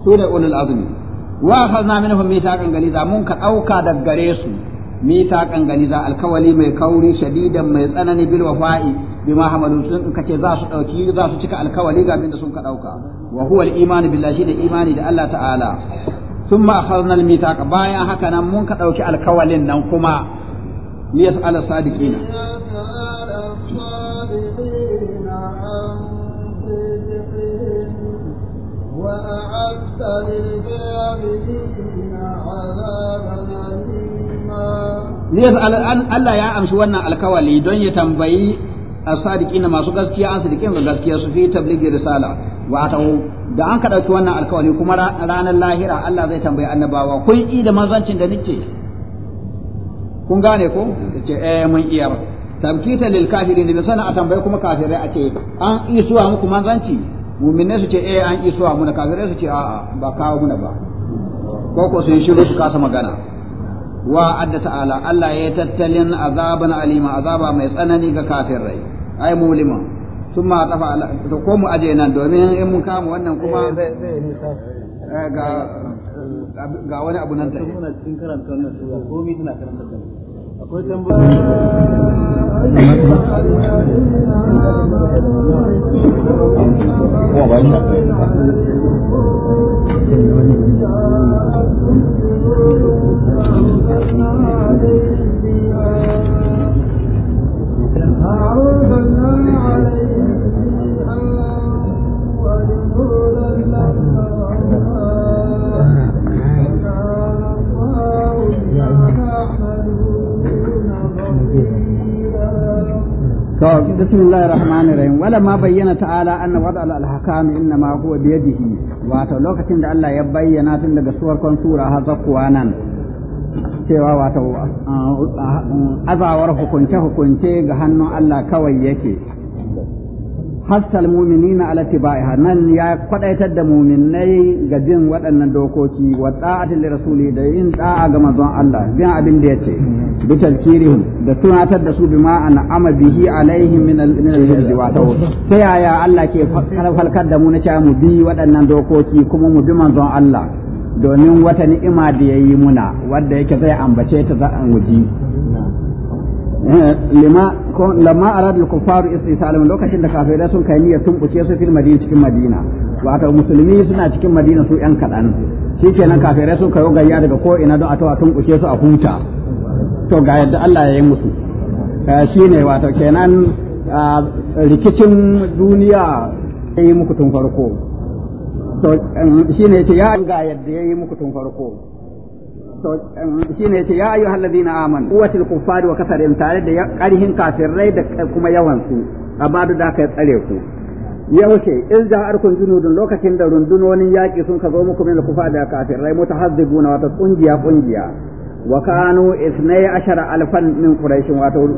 su da ulul azmi wa akhadna minhum mithaqan galiza mun ka dauka da gare su mithaqan galiza alkawali mai kauri shadidan mai tsanani bil wafa'i bima hamalu sun kace za su dauki za su cika alkawali ga da sun ka dauka wa huwa al-iman billahi shine imani da Allah ta'ala ثم أخذنا الميثاق بايا هكذا منك أو alkawalin nan kuma. ليسأل الصادقين وأعدت للكافرين عذابا أليما ليسأل ألا يا أمشي ونا الكوالي دون يتنبئي الصادقين ما masu gaskiya an sadiqin da gaskiya su fi tabligi risala wato da an ka dauki wannan alkawari kuma ranar lahira Allah zai tambayi annabawa kun yi da manzancin da nice kun gane ko ce eh mun iya ba tabkita lil kafirin da sana a tambaye kuma kafirai a ce an isuwa muku manzanci mu'minai su ce eh an isuwa muna kafirai su ce a'a ba kawo muna ba ko ko sun shiru su kasa magana wa adda ta'ala Allah ya tattalin azaban alima azaba mai tsanani ga kafirai ai mulima summa tafa to ko mu aje nan domin in mun kama wannan kuma eh, eh, ga ga wani abu nan ta cikin karanta wannan sura komai tana karanta akwai tambayoyi أعوذ بالله to bismillahir rahmanir rahim wala ma bayyana ta'ala anna wada al ahkam inna ma huwa bi yadihi wato lokacin da Allah ya bayyana tun daga suwarkon sura har zakkuwa nan cewa wato uh, uh, azawar hukunce hukunce ga hannun Allah kawai yake hasal mu'minina ala tibaiha nan ya kwadaitar da mu'minai ga bin waɗannan dokoki wa ta'ati rasuli da yin da'a ga manzon Allah bin abin da yace bi tazkirihim da tunatar da su ma an ama bihi alaihim min al min al wa ta yaya Allah ke falkar da mu na cewa mu bi waɗannan dokoki kuma mu bi manzon Allah domin wata ni'ima da yayi muna wanda yake zai ambace ta za an wuji Eh, lima ko lamma arad al kuffar istisalam lokacin da kafirai sun kai niyyar tumbuke su fil madina cikin madina wato musulmi suna cikin madina su yan kadan shikenan kafirai sun kai gayya daga ko ina don a tawa tumbuke su a huta to ga yadda Allah ya yi musu eh, shine wato kenan eh, rikicin duniya ya yi muku tun farko to shine ya ce ya ga yadda ya yi muku tun farko Um, shi ne ce ya ayu hallazina aman kuwatil kuffari wa kasarin tare da ƙarhin kafirai da kuma yawansu amma duk da aka tsare ku yaushe in ja'arkum junudun lokacin da rundunonin yaƙi sun ka zo muku min kufa da kafirai mutahazzibuna wata kungiya kungiya wa kanu isnai ashara alfan min quraishin wato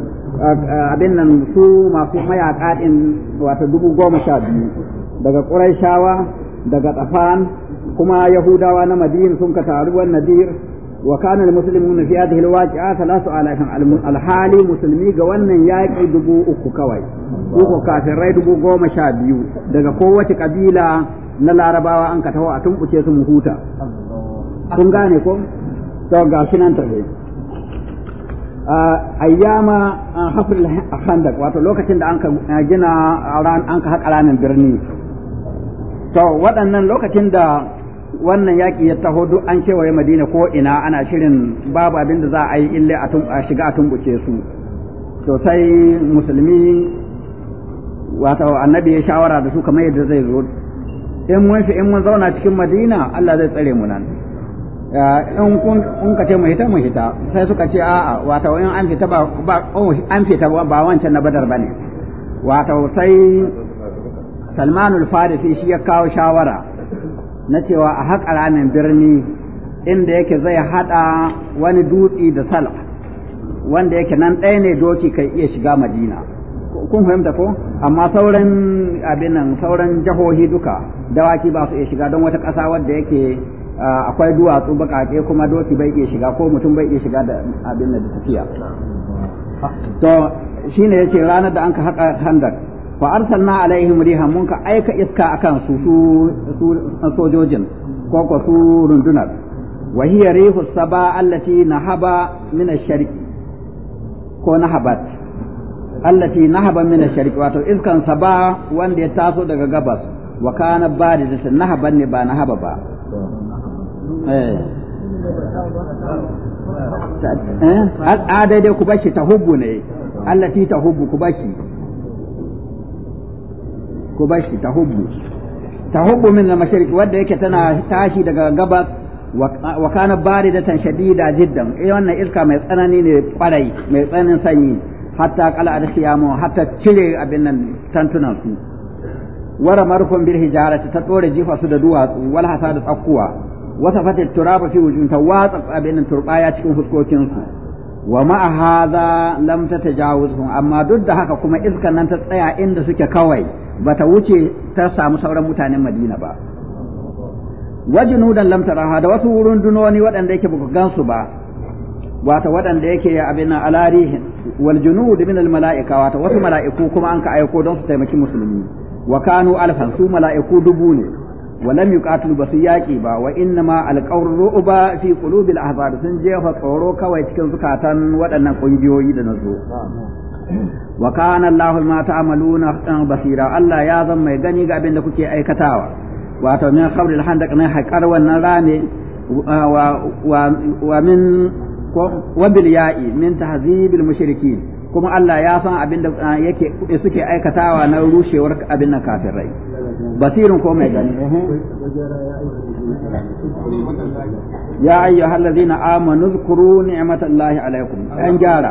abin nan su masu mayaka din wato dubu goma sha biyu daga quraishawa daga tsafan kuma yahudawa na madina sun ka taru wannan nadir وكان المسلمون في هذه الواقعة ثلاثة آلاف الحالي مسلمي قوانا ياكي دبو أكو كوي أكو رأي دبو قوم شابيو دقا قوة قبيلة نلا رباوة أنك تهوى أتم أتيس مهوتا كن غانيكم توقع سنان تغيب ayyama hafar handak wato lokacin da anka gina an ka haƙa ranar birni to waɗannan lokacin da wannan yaƙi ya taho duk an kewaye madina ko ina ana shirin babu abin da za a yi ille a shiga a tumbuke su to sai musulmi wato annabi ya shawara da su kamar yadda zai zo in mun fi in mun zauna cikin madina Allah zai tsare mu nan eh, in kun ka ce mu hita mu hita sai suka ce a'a wato in an fita ba oh, an fita ba wancan na badar bane wato sai Salmanul Farisi shi ya kawo shawara na cewa a haƙa ramin birni inda yake zai haɗa wani dutse da sala, wanda yake nan ɗaya ne doki kai iya shiga madina kun fahimta ko amma sauran abin sauran jahohi duka dawaki ba su iya shiga don wata ƙasa wadda yake akwai duwatsu baƙaƙe kuma doki bai iya shiga ko mutum bai iya shiga da abin da tafiya to shine yace ranar da an ka haƙa handak fa arsalna alaihim rihan mun ka aika iska akan su su sojojin ko ko su rundunar wa hiya rihu saba allati nahaba min ash shariq ko nahabat allati nahaba min ash shariq wato iskan saba wanda ya taso daga gabas wa kana barizat nahaban ne ba nahaba ba eh, eh a dai ku bashi tahubbu ne allati tahubbu ku bashi ko ba shi tahubbu tahubbu min na mashriq wanda yake tana tashi daga gabas wa kana tan shadida jiddan eh wannan iska mai tsanani ne kwarai mai tsananin sanyi hatta qala al-khiyamu hatta cire abin nan tantunan su wara markum bil hijarati ta dore jifa su da duwatsu wal hasad tsakkuwa wasafat at-turaba fi wujuhin tawatsa abin nan turbaya cikin fuskokin su wa ma hadha lam tatajawuzhum amma duk da haka kuma iskan nan ta tsaya inda suke kawai Ba ta wuce ta samu sauran mutanen Madina ba wajunudan lam taraha da wasu wurin dunoni waɗanda yake buku gansu ba wata waɗanda yake ya abin alarihin wal junud min al mala'ika wata wasu mala'iku kuma an ka aiko don su taimaki musulmi wa kanu alfan su mala'iku dubu ne ba, wa ba ma با وانما uba fi في قلوب ahbar sun jefa tsoro kawai cikin zukatan waɗannan ƙungiyoyi da nazo wa kana Allahu ma ta'maluna basira Allah ya zan mai gani ga abin da kuke aikatawa wato min khabril handaq na haƙar wannan rame wa min wa bil ya'i min tahzibil mushrikin kuma Allah ya san abin da ah, yake suke aikatawa na rushewar abin nan kafirai basirin ko mai gani يا أيها الذين آمنوا اذكروا نعمة الله عليكم أنجارا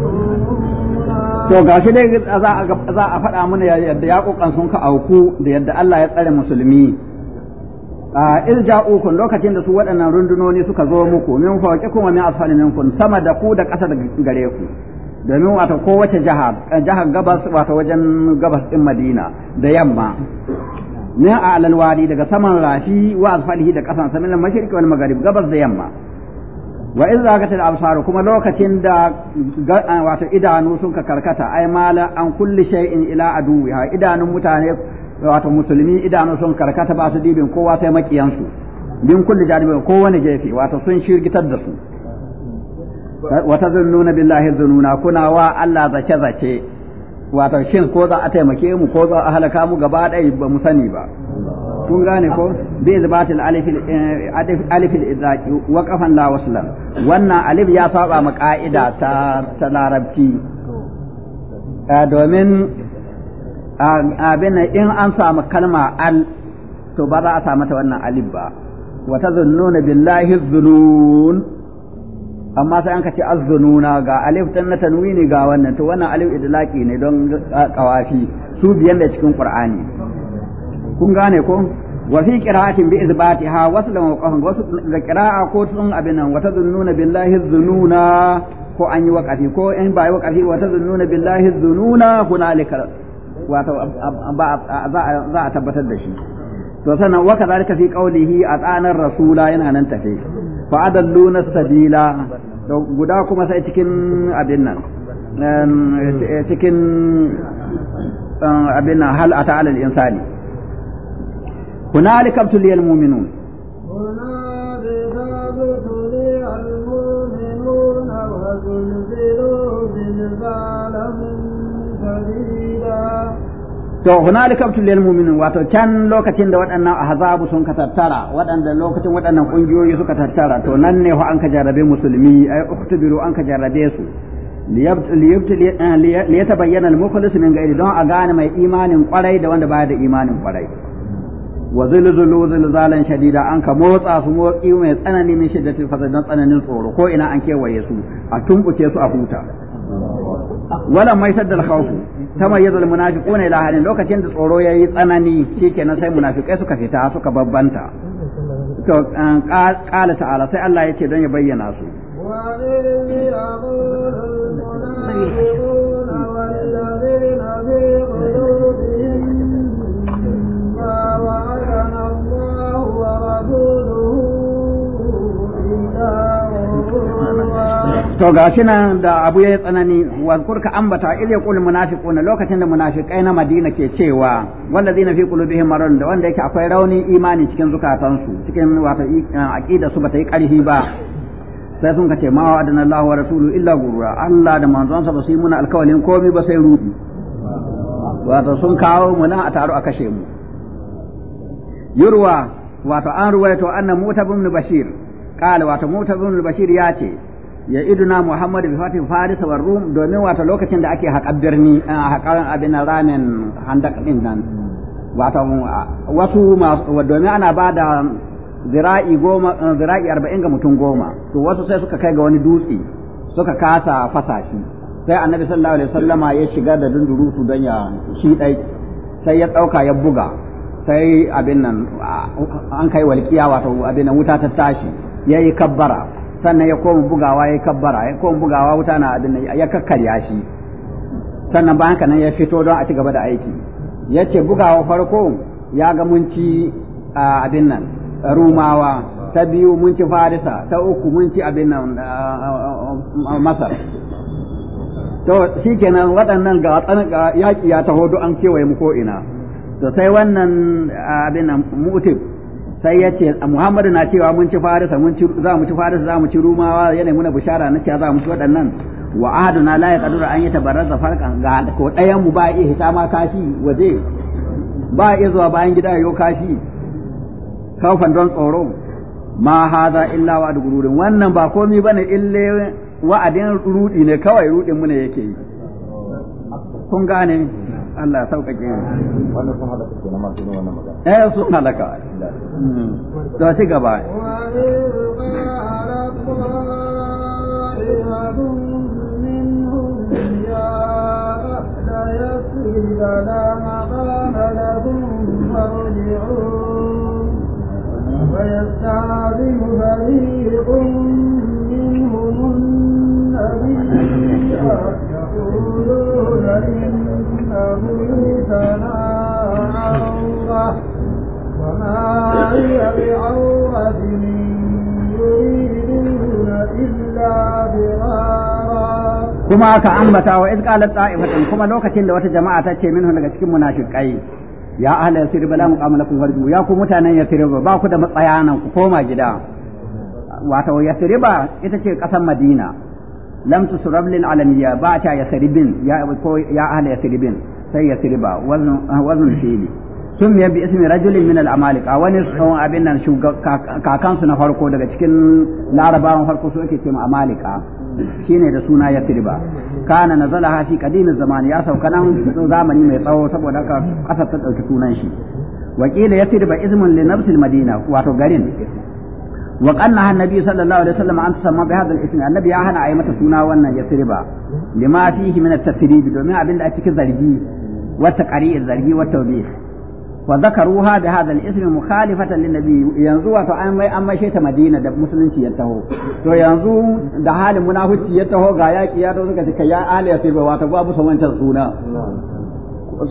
to ga gashi dai za a faɗa mana yadda yaƙoƙan sun ka auku da yadda Allah ya tsare musulmi a ukun lokacin da su waɗannan rundunoni suka zo muku min fawqikum kuma min asfali minkum sama da ku da ƙasa da gare ku domin wato kowace jaha jihar gabas wato wajen gabas din Madina da yamma min a wadi daga saman rafi wa asfalihi da ƙasan samin mashriqi wal maghrib gabas da yamma wa in al absar kuma lokacin da wato idanu sun ka karkata ai mala an kulli shay'in ila aduwiha idanun mutane wato musulmi idanu sun karkata ba su dibin kowa sai makiyansu din kulli janibi ko wani gefe wato sun shirgitar da su wa tazunnuna billahi dhununa kuna wa Allah zace zace wato shin ko za a taimake mu ko za a halaka mu gaba ɗaya ba mu sani ba kun gane ko bi izbatil alif eh, alif izaki wa qafan la waslan wannan alif ya saba ma ka'ida ta ta larabci eh, domin abin in an samu kalma al to ba za a samu ta wannan alif ba wa tazunnuna billahi dhunun amma sai an kace ce azzununa ga alif tan na tanwini ga wannan to wannan alif idlaki ne don kawafi su biyan da cikin qur'ani kun gane ko wa fi qira'atin bi izbatiha waslan wa qahwan wasu da qira'a ko sun abin nan wata zunnuna billahi zununa ko an yi waqafi ko in ba yi waqafi wata zunnuna billahi zununa hunalika wato za a tabbatar da shi to sannan wa kadhalika fi qawlihi atanar rasula yana nan tafe fa adalluna sabila guda kuma sai cikin abin nan cikin abin nan hal ata alal insani هنالك ابتلي المؤمنون to hunalika abtul mu'minin wato can lokacin da waɗannan ahzabu sun ka tattara waɗanda lokacin waɗannan ƙungiyoyi suka tattara to nan ne ho an ka jarrabe musulmi ay uktubiru an ka jarrabe su liyatabayyana al-mukhlis min ghairi don a gane mai imanin ƙwarai da wanda baya da imanin ƙwarai. wa zulzulu zulzalan shadida an ka motsa su motsi mai tsanani min shiddatil fasad tsananin tsoro ko ina an kewaye su a tumbuke su a huta wala mai saddal khawfu tamayyaza al munafiquna ila halin lokacin da tsoro yayi tsanani shikenan sai munafikai suka fita suka babbanta to qala ta'ala sai Allah ce don ya bayyana su wa to ga shi nan da abu ya tsanani wa kurka ambata ilya qul munafiqun lokacin da munafiqai na Madina ke cewa wallazina fi qulubihim maradun da wanda yake akwai rauni imani cikin zukatansu cikin wato aqida su bata yi karfi ba sai sun kace ma wa'adana Allah wa rasulu illa gurra Allah da manzonsa ba su yi muna alkawalin komai ba sai rubi wato sun kawo mu nan a taro a kashe mu yurwa wato an ruwaito anna mutabun bashir qala wato mutabun bashir ya ce ya iduna Muhammadu bi fatin Farisa wa Rum domin wata lokacin da ake haƙar birni a haƙar abin ramin handak din nan wata wasu domin ana ba da zira'i goma zira'i arba'in ga mutum goma to wasu sai suka kai ga wani dutse suka kasa fasashi. sai annabi sallallahu alaihi wasallama ya shiga da dundurusu don ya shi ɗai sai ya ɗauka ya buga sai abin nan an kai walƙiya wato abin nan wuta ta tashi ya yi kabbara sannan ya koma bugawa ya kabbara ya koma bugawa wuta na abin ya kakkarya shi sannan bayan haka nan ya fito don a ci gaba da aiki ya ce bugawa farko ya ga mun ci abin nan rumawa ta biyu mun ci farisa ta uku mun ci abin nan masar to shi kenan waɗannan ga yaƙi ya taho an kewaye mu ko ina to sai wannan abin nan mutum sai ya ce Muhammadu na cewa mun ci farisa za mu ci farisa za mu ci rumawa yana muna bishara na cewa za mu ci waɗannan wa ahaduna la yaqdiru an yatabarraza farqan ga ko ɗayan mu ba iya hita ma kashi waje ba iya zuwa bayan gida yau kashi kaufan don tsoro ma hada illa wa gururin wannan ba komai bane ille wa'adin rudi ne kawai rudin mu ne yake yi kun gane Allah sauƙaƙe wannan sun halaka ke na masu yin wannan magana eh sun halaka to ci gaba لنا فريق منهم النبي kuma aka ambata wa iz qalat ta'ifatan kuma lokacin da wata jama'a ta ce minhu daga cikin munafiqai ya ahla yasir bala muqam lakum farju ya ku mutanen yasir ba ku da matsaya nan ku koma gida wato yasir ita ce kasan madina lam tusrab lil alamiya ba ta yasribin ya ko ya ahla yasribin sai yasriba wazn wazn fi'li sun bi ismi rajulin min al-amalika wani sun abin nan kakansu na farko daga cikin larabawan farko su ake ma amalika shine da suna ya tirba kana nazala fi qadimin zamani ya sauka nan zamani mai tsawo saboda haka kasar ta dauki sunan shi wakila ya tirba ismun li nafsil madina wato garin wa qanna annabi sallallahu alaihi wasallam an tusamma bi hadha al annabi ya hana ayi mata suna wannan ya sirba lima fihi min at-tasrib domin abin a cikin zargi wa taqri'i zargi wa tawbih wa zakaruha bi hadha al-ism mukhalifatan lin-nabi yanzu wato an mai an mashe ta Madina da musulunci ya taho to yanzu da halin munafici ya taho ga yaki ya to suka ce ya wancan suna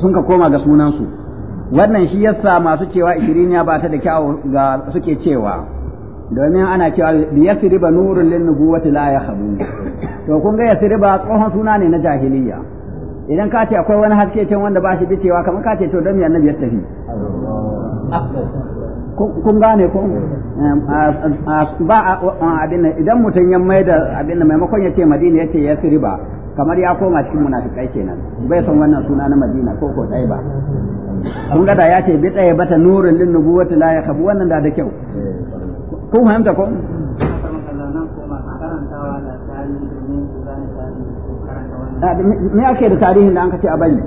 sun ka koma ga sunansu wannan shi yasa masu cewa 20 ya da kyau ga suke cewa domin ana cewa bi yasriba nurun lin nubuwati la yakhbu to kun ga yasriba tsohon suna ne na jahiliya idan ka ce akwai wani haske can wanda ba shi bicewa kamar ka ce to don yana annabi ya tafi kun gane ko eh, eh, ba abin idan mutum ya mai da abin maimakon ya ce madina ya ce yasriba kamar ya koma cikin munafikai kenan bai san wannan suna na madina ko ko dai ba kun ga da ya ce bi ɗaya bata nurin lin nubuwati la yakhbu wannan da da kyau kun fahimta ko ah, me ake da tarihin da an kace a bari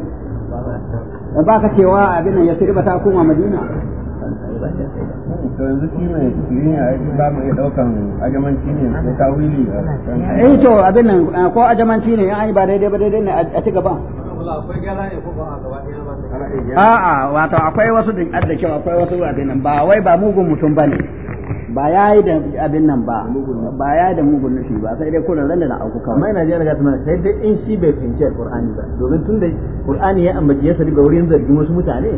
ba ka cewa abin nan ya ba ta koma madina to yanzu shi mai ya yi ba mu iya daukan ajamanci ne ko tawili eh to abin nan ah, ko ajamanci ne an yi ba daidai ba daidai ne a ci gaba a'a wato akwai wasu da kyau akwai wasu abin nan ba wai ba mugun mutum bane ba ya yi da abin nan ba ba ya yi da mugun nufi ba sai dai kullum ran da na auku kawai mai najeriya ga tsamana sai dai in shi bai fahimci alqur'ani ba domin tun da qur'ani ya ambaci ya sadi ga wurin zargin wasu mutane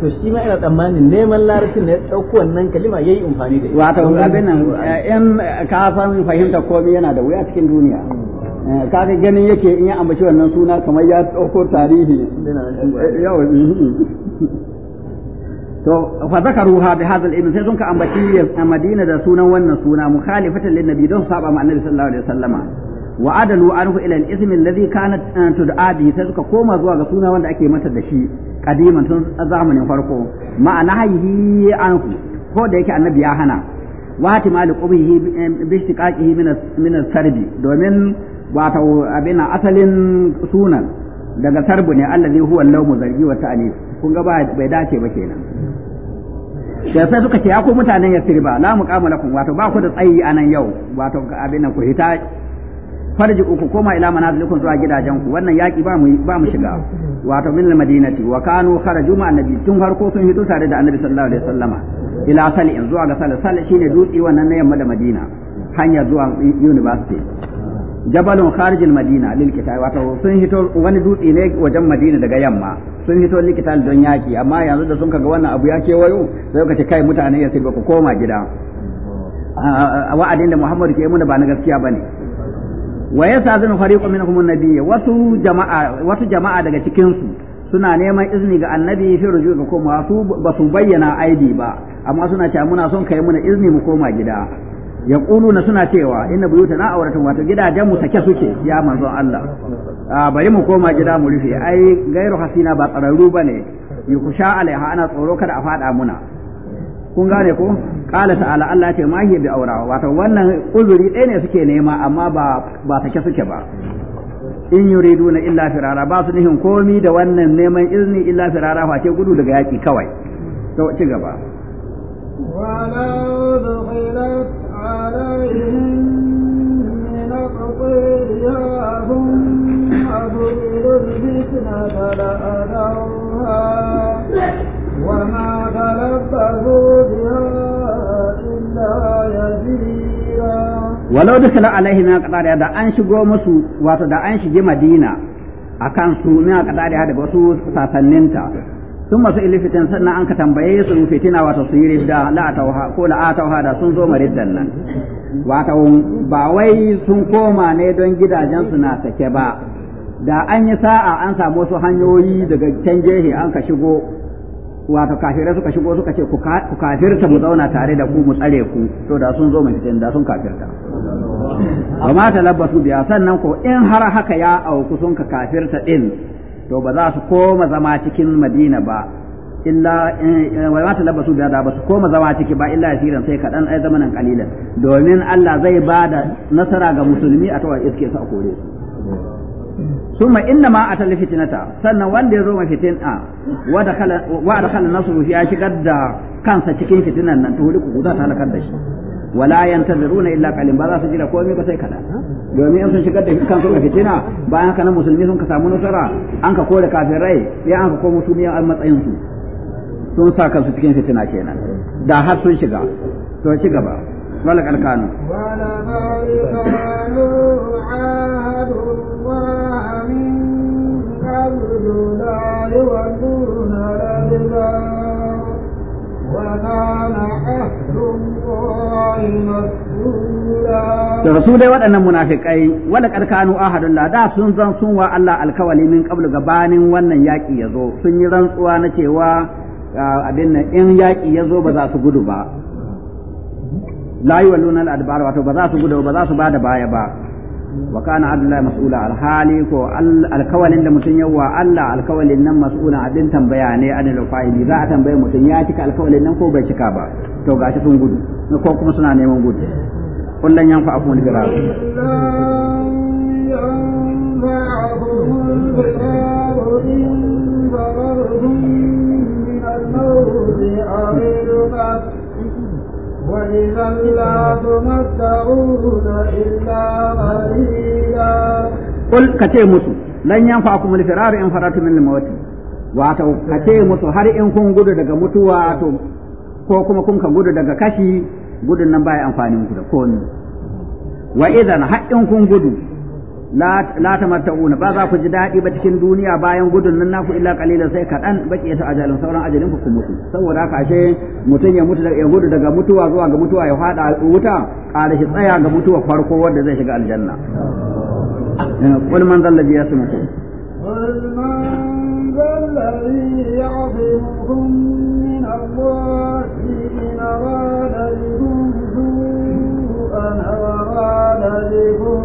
to shi ma ina tsammanin neman larabcin da ya dauko wannan kalima yi amfani da ita wato abin nan in ka san fahimta komai yana da wuya cikin duniya eh, kaga ganin yake in ya ambaci wannan suna kamar ya ɗauko tarihi yau eh, eh. to fa zakaruha bi hadha al-ibn sai sun ka ambaci a Madina da sunan wannan suna mukhalifatan lin nabi don saba ma annabi sallallahu alaihi wasallama wa adalu anhu ila al-ism alladhi kanat eh, tud'a bi sai suka koma zuwa ga suna wanda ake mata da shi kadiman tun zamanin farko ma'ana hayhi anhu ko da yake annabi ya hana wa hatimali qubihi eh, bi istiqaqihi min min sarbi domin wato abin asalin sunan daga sarbu ne allazi huwa al-lawmu zargi wa ta'lif kun ga bai dace ba kenan da sai suka ce ya ku mutanen yasriba la kama lakum wato ba ku da tsayi a nan yau wato abin nan ku hita farji uku koma ila manazilikum zuwa gidajen ku wannan yaki ba mu ba mu shiga wato min madinati wa kanu kharaju ma annabi tun harko sun hito tare da annabi sallallahu alaihi wasallama ila sal'in zuwa ga sal sal shine dutse wannan na yamma da madina hanya zuwa university jabalun kharijil madina lil kitab wato sun hito wani dutse ne wajen madina daga yamma sun hito likital don yaki amma yanzu da sun kaga wannan abu ya kewayo sai ka ce kai mutane ya ku koma gida wa'adin da Muhammadu ke muna ba na gaskiya bane wa zan fariqu minhum an-nabiy wasu jama'a wasu jama'a daga cikin su suna neman izini ga annabi fi ruju ga koma su ba su bayyana aidi ba amma suna cewa muna son kai muna izini mu koma gida yaquluna suna cewa inna buyutana auratun, wato gidajen mu sake suke ya manzo Allah a bari mu koma gida mu rufe ai gairu hasina ba tsararru bane yukusha alaiha ana tsoro kada a fada muna kun gane ko qala ta'ala Allah ce ma hiya bi aura wato wannan uzuri ɗaya ne suke nema amma ba ba sake suke ba in na illa firara ba su nihin komi da wannan neman izini illa firara face gudu daga yaki kawai to ci gaba walau da sala alaihi min qadariya da an shigo musu wato da an shige madina akan su min qadariya da wasu sasanninta sun masu ilifitin sannan an ka tambaye su fitina wato su yi ridda la'atauha ko la'atauha da sun zo mariddan nan wata ba wai sun koma ne don gidajen su na sake ba da an yi sa'a an samu wasu hanyoyi daga can gehe an ka shigo wato kafirai suka shigo suka ce ku kafirta mu zauna tare da ku mu tsare ku to da sun zo mai da sun kafirta amma ta su biya sannan ko in har haka ya auku sun ka kafirta din to ba za su koma zama cikin madina ba illa wa ma bi hada ba su koma zama ciki ba illa yasiran sai kadan ai zamanin kalilan domin Allah zai ba da nasara ga musulmi a tawa iske su a kore su summa inna ma atal fitnata sannan wanda ya zo ma fitina wa dakhala wa dakhala nasru ya shigar da kansa cikin fitinan nan to ku za ta halakar da shi wala yantaziruna illa qalin ba za su jira komai ba sai kada domin in sun shigar da kan su fitina bayan kana musulmi sun ka samu nasara an ka kore kafirai ya an ka koma su miyan matsayin su sun sa kansu cikin fitina kenan da har sun shiga to shi gaba wala kalkanu wala da su dai waɗannan munafikai wala kad kanu ahadullah da sun zan sun wa Allah alkawali min qablu gabanin wannan yaki yazo sun yi rantsuwa na cewa abin nan in yaki yazo ba za su gudu ba la lunar al adbar wato ba za su gudu ba za su bada baya ba wa kana abdullahi mas'ula alhali ko alkawalin da mutum yawa Allah alkawalin nan mas'ula abin tambaya ne an alfa'ili za a tambaye mutum ya cika alkawalin nan ko bai cika ba to gashi sun gudu ko kuma suna neman gudu kullun yanfa afu ni gara إن وإذا لا تمتعون إلا قليلا قل كتي مسو لن ينفعكم الفرار إن فررتم من الموت wato ka ce musu har in kun gudu daga mutuwa ko kuma kun ka gudu daga kashi gudun nan baya amfanin ku da komi wa idan har in kun gudu la tamatta'una ba za ku ji daɗi ba cikin duniya bayan gudun nan naku illa qalila sai kaɗan baki ta ajalin sauran ajalin ku mutu saboda haka ashe mutum ya mutu ya gudu daga mutuwa zuwa ga mutuwa ya fada wuta ƙara shi tsaya ga mutuwa farko wanda zai shiga aljanna eh, qul man dhal bi yasmuku qul man dhal ladhi ya'zimukum min Allah in arada bikum an arada bikum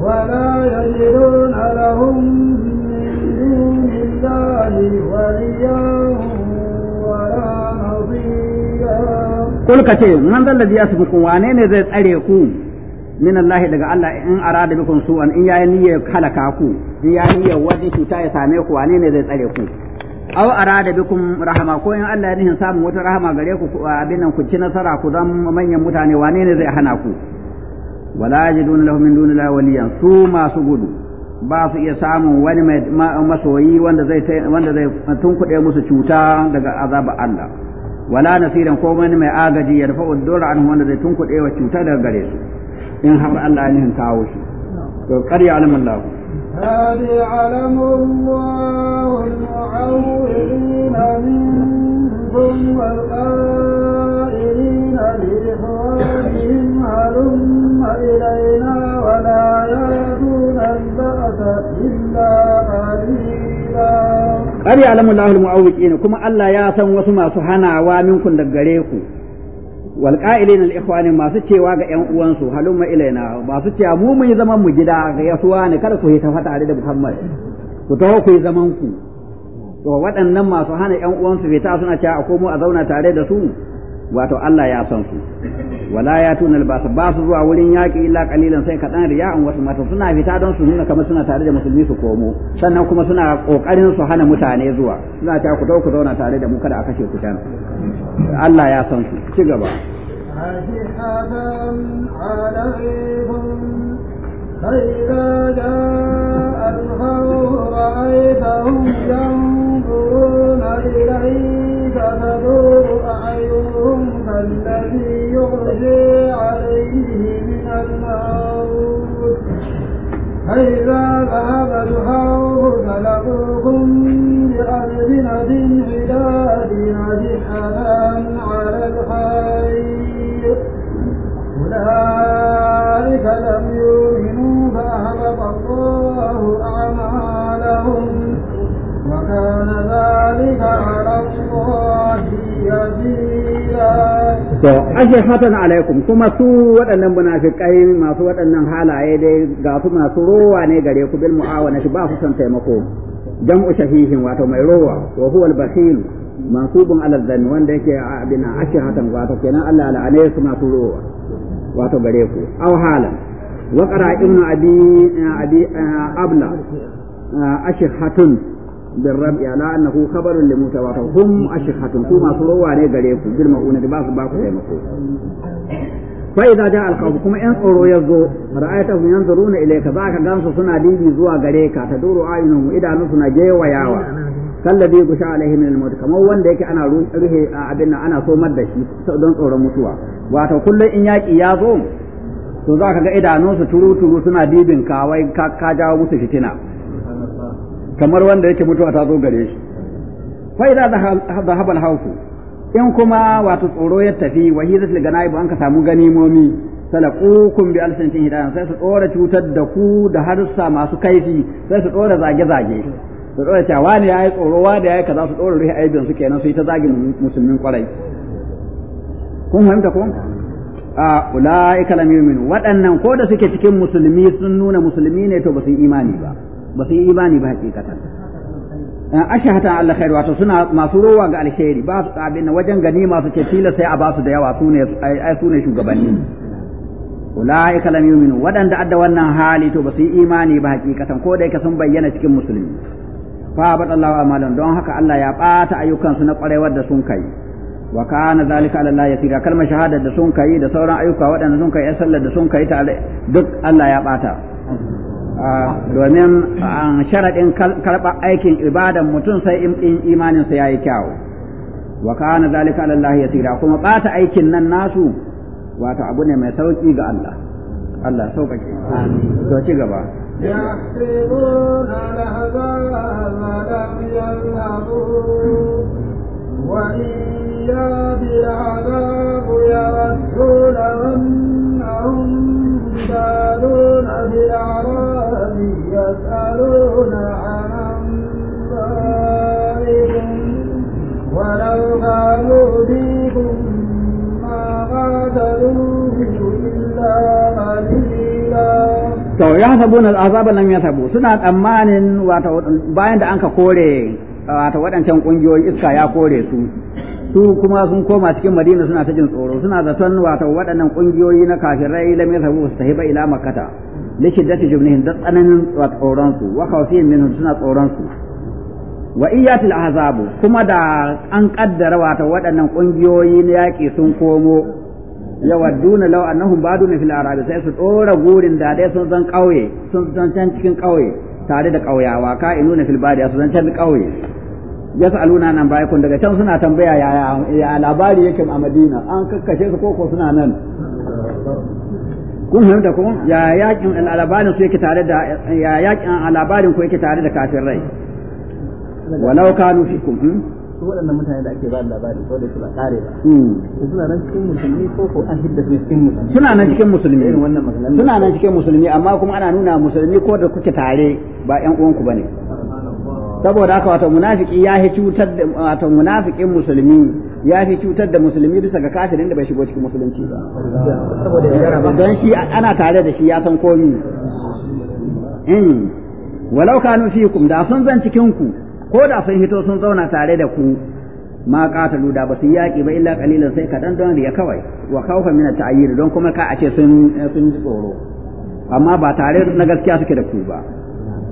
ولا يجدون لهم من دون الله وليا ولا نصيرا قل كتير من ذا الذي يسبقكم وانين ذي تأريكم من الله daga Allah in arada bikum an in yayin niyyar halaka ku in yayi niyyar wani cuta ya same ku wane ne zai tsare ku aw arada bikum rahama ko in Allah ya nihin samu wata rahama gare ku abin nan ku ci nasara ku zan manyan mutane wane ne zai hana ku wala yajidun lahu min dunillahi waliyan su masu gudu ba su iya samun wani mai masoyi wanda zai wanda zai tunkuɗe musu cuta daga azabar Allah wala nasiran ko wani mai agaji ya dafa dora an wanda zai tunkuɗe wa cuta daga gare su in har Allah ne kawo shi to qarya alamullahu هذه علم الله المعوذين منكم والقائلين لإخوانهم هلم إلينا ولا يردون البأس إلا قليلا قد يعلم الله المعوقين كما الله ياسن وسما سحنا ومنكم دغريكو والقائلين الاخوان masu cewa ga ƴan uwansu halumma ilaina masu cewa mu mun zaman mu gida ga yasuwa ne kada ku yi ta fata da Muhammad ku taho ku yi zaman ku to waɗannan masu hana ƴan uwansu fita suna cewa a mu a zauna tare da su wato Allah ya san su wala ya tuna albasa ba su zuwa wurin yaƙi illa kalilan sai kaɗan an wasu mata suna fita don su nuna kamar suna tare da musulmi su komo sannan kuma suna ƙoƙarin su hana mutane zuwa suna cewa ku ku zauna tare da mu kada a kashe ku can Allah ya san su ci gaba فإذا جاء الخوف رأيتهم ينظرون الذي يغشي عليه من الموت فإذا ذهب بأرض ند إلى حداد حنان على الخير أولئك لم يؤمنوا فأحبط الله أعمالهم وكان ذلك على الله يزيد to ashe ashihatan alaikum kuma su waɗannan munafikai masu waɗannan halaye dai ga su masu rowa ne gare ku bil mu'awana shi ba su son taimako jam'u shahihin wato mai rowa wa huwa al bakhil mansubun ala dhanni wanda yake ashe ashihatan wato kenan Allah la'ane su masu rowa wato gare ku aw halan wa qara ibnu abi eh, abi eh, abla eh, ashihatun بالرب على أنه خبر لمتواتر هم أشحة كما سروا عليه قريبكم بالمؤونة باس باكو تيمكو فإذا جاء الخوف كما إن أروا يزو رأيتهم ينظرون إليك ذاك قامس سنة ديبي زوا قريكا تدور عينهم إذا نسنا جيوا ياوا kallabi gusha alaihi min al-maut kamar wanda yake ana ruhe abin nan ana mar da shi don tsoron mutuwa wato kullum in yaki ya zo to za ka ga idanunsu turu-turu suna dibin kawai ka jawo musu fitina kamar wanda yake mutuwa ta zo gare shi fa idza dhahaba al-hawfu in kuma wato tsoro ya tafi wa hizat al-ganaib an ka samu ganimomi salaqukum bi alsanatin hidayan sai su dora cutar da ku da harsa masu kaifi sai su dora zage zage su dora cewa wani yayi tsoro wa da yayi kaza su dora ruhi aibin su kenan sai yi ta zage musulmin kwarai kun fahimta ko a ulaika lam yu'minu waɗannan ko da suke cikin musulmi sun nuna musulmi ne to ba su imani ba ba su yi imani ba hakikatan eh, ashahata Allah khairu wato suna masu rowa ga alkhairi ba su wajen gani masu ce tila sai a basu da yawa su ai su ne shugabanni ulaika lam yu'minu wadanda adda wannan hali to ba su yi imani ba hakikatan ko da yake sun bayyana cikin musulmi fa batallahu amalan don haka Allah ya bata ayyukansu na kwarewar da sun kai wa kana zalika ala Allah yasira kalmar shahada da sun kai da sauran ayyuka waɗanda sun kai sallar da sun kai tare duk Allah ya bata Ah, domin ah, sharaɗin karɓa aikin ibadan mutum sai in imaninsa ya yi kyawu wa kana zalika ala Allah yasira kuma ɓata aikin nan nasu wato abu ne mai sauƙi ga Allah Allah sauƙaƙe to ci gaba يحسبون الأحزاب لم يذهبوا وإن يأتي العذاب يردون يسألون بالأعراب يسألون عن أنبائهم ولو كانوا بكم ما قاتلوه إلا قليلا to ya sabu na azaba nan ya sabu suna tsammanin wato bayan da anka kore wata waɗancan ƙungiyoyi iska ya kore su su kuma sun koma cikin madina suna ta jin tsoro suna zaton wato waɗannan ƙungiyoyi na kafirai lam yadhabu sahiba ila makkata li shiddati jubnihim da tsananin tsoron su wa khawfin minhu suna tsoron su wa iyatil ahzabu kuma da an kaddara wato waɗannan ƙungiyoyi na yaƙi sun komo duna law annahum baduna fil arab sai su tsora gurin da dai sun zan kauye sun zan can cikin ƙauye tare da kauyawa ka inuna fil badi sun zan can ƙauye yas'aluna nan bai kun daga can suna tambaya ya labari yake a Madina an kakkashe su koko suna nan kun fahimta ko ya yakin al'alabarin su yake tare da ya yakin al'alabarin ku yake tare da rai walau kanu fikum hmm? su waɗannan mutane da ake ba labari ko da su ba kare ba hmm. suna nan cikin musulmi ko ko an hidda su cikin musulmi suna nan cikin musulmi suna nan cikin musulmi amma kuma ana nuna musulmi ko da kuke tare ba ƴan uwanku bane saboda haka wato munafiki ya fi cutar da wato munafikin musulmi ya fi cutar da musulmi bisa ga kafirin da bai shigo cikin musulunci ba don shi ana tare da shi ya san komi in hmm. walau kanu fikum da sun zan cikin ku ko da sun hito sun zauna tare da ku ma qatalu da yi yaki ba illa qalilan sai kadan don riya kawai wa khawfan min at-ta'yir don kuma ka a ce sun tsoro amma ba tare na gaskiya suke da ku ba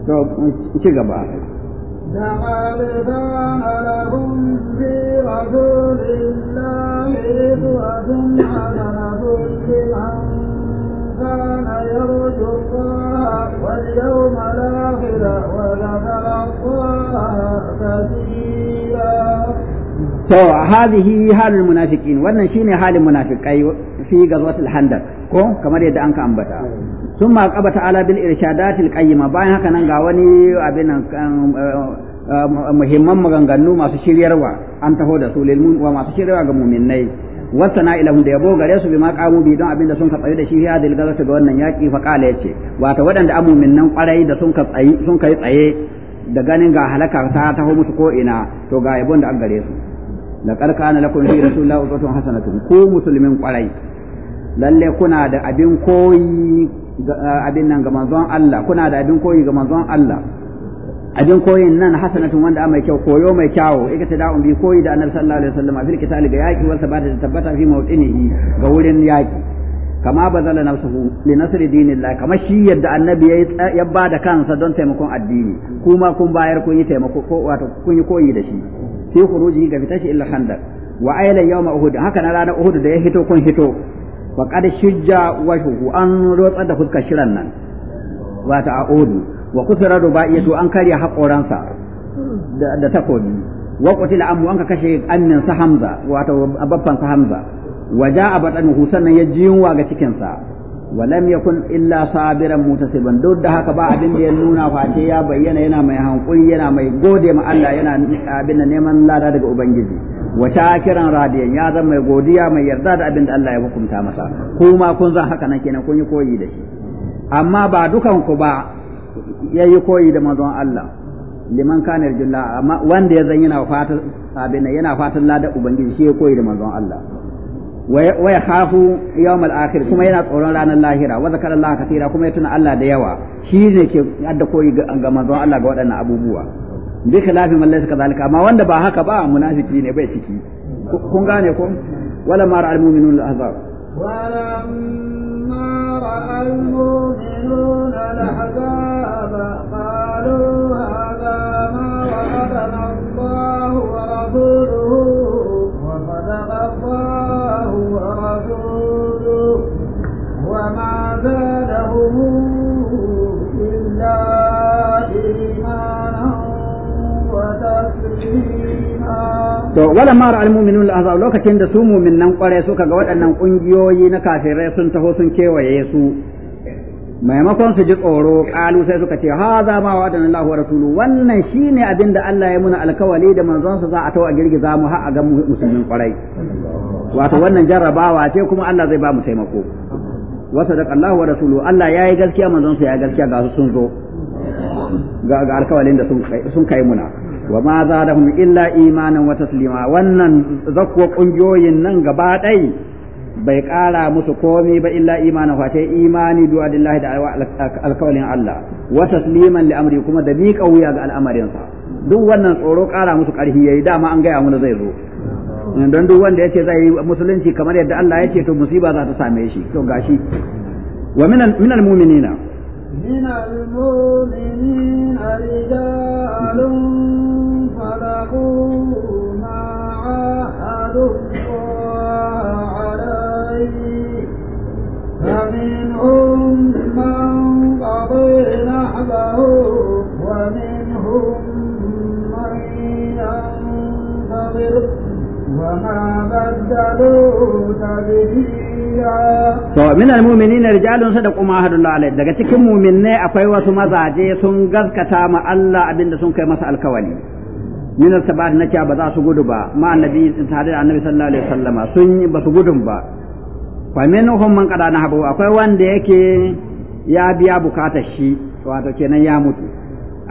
to ci gaba لقد كان لكم في رسول الله إسوة حسنة لمن كان يرجو الله واليوم الآخر وذكر الله كثيرا. To, هذه حال المنافقين، wannan shine halin munafikai fi gazwatul handaq ko kamar yadda an ka ambata sun ma ta ta'ala bil irshadatil qayyima bayan haka nan ga wani abin eh, eh, muhimman maganganu masu shiryarwa an taho da su lil wa masu shiryarwa ga mu'minnai wasana ilahum da yabo gare su ma qamu bi don abinda sun ka tsayi da shi ya dil gazata ga wannan yaki fa qala yace wato waɗanda an nan kwarai da sun ka tsayi sun kai tsaye da ganin ga halaka ta taho musu ko ina to ga yabon da an gare su laqad kana lakum fi rasulillahi uswatun hasanatun ku musulmin kwarai lalle kuna da abin koyi abin nan ga manzon Allah kuna da abin koyi ga manzon Allah abin koyin nan hasanatun wanda mai kyau koyo mai kyawo ita ta da'un bi koyi da annabi sallallahu alaihi wasallam a fil kitali ga yaki wal sabata da tabbata fi mawdinihi ga wurin yaki kama bazala nafsuhu li nasri dinillah kama shi yadda annabi ya ya bada kansa don taimakon addini kuma kun bayar kun yi taimako ko wato kun yi koyi da shi fi khuruji ga fitashi illa khandaq wa ayla yawma uhud haka na ranar uhud da ya hito kun hito wa qad shujja an rotsar da fuskar shiran nan wa ta'udu wa kusira rubaiyatu an karya haƙoransa da takobi wa qutila an ka kashe annin sa hamza wato babban sa hamza wa ja'a batanuhu sannan ya yunwa ga cikin sa wa lam yakun illa sabiran mutasiban duk da haka ba abin da ya nuna face ya bayyana yana mai hankuri yana mai gode ma Allah yana abin neman lada daga ubangiji wa shakiran radiyan ya zama mai godiya mai yarda da abin da Allah ya hukunta masa kuma kun zan haka nan kenan kun yi koyi da shi amma ba dukan ku ba yayi koyi da manzon Allah liman kana jilla amma wanda ya zan yana fata abin yana fatan lada ubangiji shi ya koyi da manzon Allah wa yakhafu yawm al-akhir kuma yana tsoron ranar lahira wa zakara Allah kuma ya tuna Allah da yawa shi ne ke adda koyi ga manzon Allah ga waɗannan abubuwa bi khilafi man laysa kadhalika amma wanda ba haka ba munafiki ne bai ciki kun gane ko wala ma ra'al mu'minun al-ahzab wala ma ra'al mu'minun al-ahzab qalu hadha ma wa'adana Allah wa rasuluhu wa sadaqa Allah wa rasuluhu wa ma zadahum to wala mara ra'al mu'minun lokacin da su mu'minan kware suka ga waɗannan kungiyoyi na kafirai sun taho sun kewaye su maimakon su ji tsoro kalu sai suka ce ha za ma wa adana wa rasulu wannan shine abin da Allah ya muna alkawali da manzonsa za a tawo a girgiza mu har a ga musulmin kwarai wato wannan jarrabawa ce kuma Allah zai ba mu taimako wa sadaqa Allahu wa rasulu Allah yayi gaskiya manzonsa ya gaskiya ga su sun zo ga alkawalin da sun kai muna wa ma zadahum illa imanan wa taslima wannan zakwa kungiyoyin nan gaba ɗai bai ƙara musu komai ba illa imanan fa sai imani du'a dillahi da alkawalin Allah wa tasliman li amri kuma da miƙa wuya ga al'amarin duk wannan tsoro ƙara musu ƙarfi yayi dama an gaya mana zai zo don duk wanda yace zai yi musulunci kamar yadda Allah ya ce to musiba za ta same shi to gashi wa minal mu'minina اتقوا ما ne الله عليه فمنهم da kuma daga cikin mu'minai akwai wasu mazaje sun gaskata ma Allah abinda sun kai masa alkawali min sabat na cewa ba za su gudu ba ma annabi tare da annabi sallallahu alaihi wasallama sun yi ba su gudun ba fa minhum man na nahabu akwai wanda yake ya biya bukatar shi wato kenan ya mutu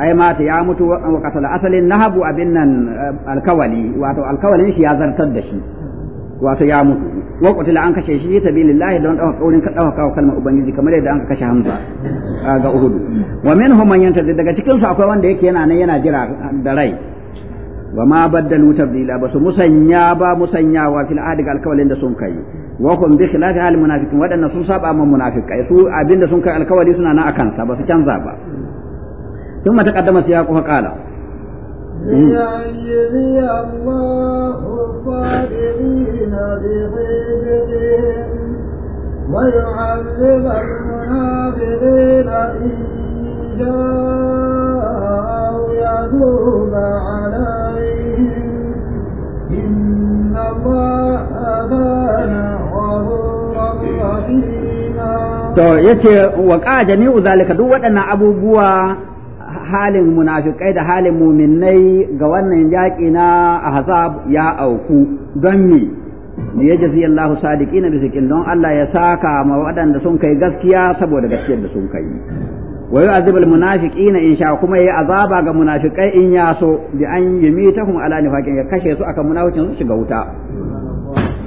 ai ta ya mutu wa qatala asalin nahabu abin nan eh, alkawali wato alkawalin shi ya zartar da shi wato ya mutu wa qutila an kashe shi lillahi don dauka kaurin ka dauka kalmar ubangiji kamar yadda an kashe Hamza eh, ga Uhud wa minhum man yantadi daga cikin su akwai wanda yake yana nan yana jira eh, da rai wa ma baddalu tabdila ba su musanya ba musanyawa fil adi ga alkawalin da sun kai wa kun bi khilafi al munafiqin wadanna sun saba man munafiqai su abinda sun kai alkawali suna na akan sa ba su canza ba ثم تقدم سياقه فقال ليجزي الله الصابرين بغيظهم ويعذب المنافقين أو يتوب عليهم إن الله رحيما to yace wa qajami'u zalika duk waɗannan abubuwa halin munafikai da halin muminai ga wannan yaƙi na ahzab ya auku don me ya jazi Allahu sadiqina bi don Allah ya saka ma waɗanda sun kai gaskiya saboda gaskiyar da sun kai wa yu'adhibul munafiqina in sha kuma yayi azaba ga munafikai in ya so bi an kuma ala nifaqin ya kashe su akan munafikin su shiga wuta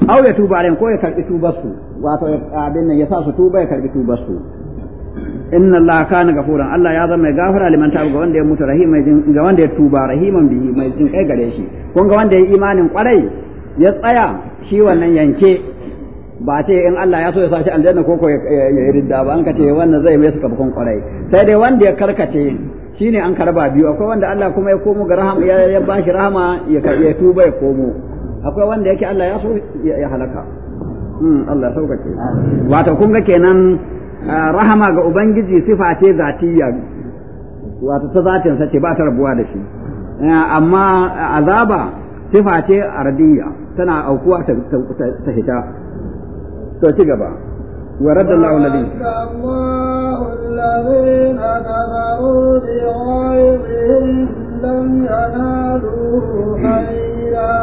aw ya tuba alaihim ko ya karbi tubar su wato abin nan ya sa su tuba ya karbi tubar su inna allah kana gafuran allah ya zama mai gafara liman tabu ga wanda ya mutu rahima ga wanda ya tuba rahiman bihi mai jin kai gare shi kun ga wanda ya imanin kwarai ya tsaya shi wannan yanke ba ce in Allah ya so ya sace aljanna ko ko ya ridda ba an kace wannan zai mai suka bukun kwarai sai dai wanda ya karkace shine an karba biyu akwai wanda Allah kuma ya komo ga rahama ya bashi rahama ya ya tuba ya komo akwai wanda yake Allah ya so ya halaka hmm, Allah ya sauƙaƙe wato kun ga kenan ah, rahama ga ubangiji sifa ce zatiyya wato ta zatin sace ce ba ta rabuwa da shi ah, amma azaba sifa ce ardiya tana aukuwa ta hita to ci gaba wa radallahu alladhina kafaru bi ghayrihim lam yanalu khayra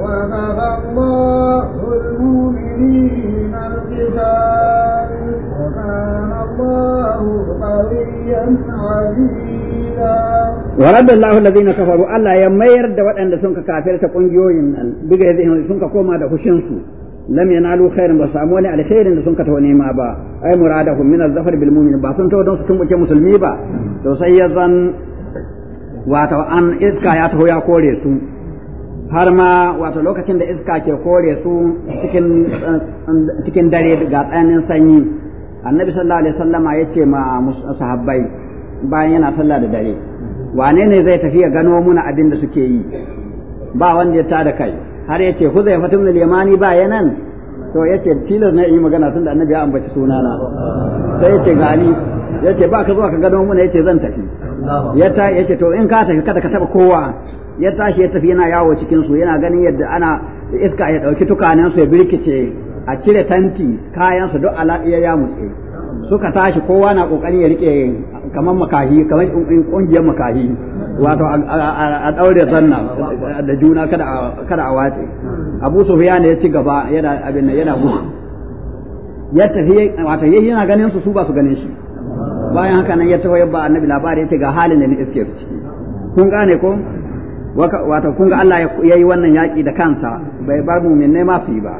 wa kafa Allahu al-mu'minina al-qital wa kana Allahu qawiyyan 'azizan ورد الله الذين كفروا الله يمير دا ودان سونكا كافر تا قنجيوين بيغا يزهم lam yanalu khairan ba samu wani alkhairin da sun kata wani ma ba ai muradahum min az-zafar bil mu'min ba sun tawo don su tumbuke musulmi ba to sai ya zan wato an iska ya taho ya kore su har ma wato lokacin da iska ke kore su cikin cikin dare ga tsananin sanyi annabi sallallahu alaihi wasallama yace ma sahabbai bayan yana sallah da dare wane ne zai tafi ya gano muna abin da suke yi ba wanda ya tada kai har ya ce huzai fatim da limani ba ya nan to ya ce tilas na yi magana tun da annabi ya ambaci sunana sai ya ce gani ya ce ba ka zuwa ka gano muna ya ce zan tafi ya ta ya ce to in ka tafi kada ka taba kowa ya tashi ya tafi yana yawo cikin su yana ganin yadda ana iska ya dauki tukanen su ya birkice a cire tanti kayan su duk ala ya mutse suka tashi kowa na kokari ya rike kamar makahi kamar kungiyar makahi wato a daure zanna da juna kada kada a wace Abu ne ya ci gaba yana abin yana gudu ya tafi wato yayi yana ganin su su ba su ganin shi bayan haka nan ya tawaye ba annabi labari ya ce ga halin da ni iske su ciki kun gane ko wato kun ga Allah ya yi wannan yaki da kansa bai bar mu'minai ma su yi ba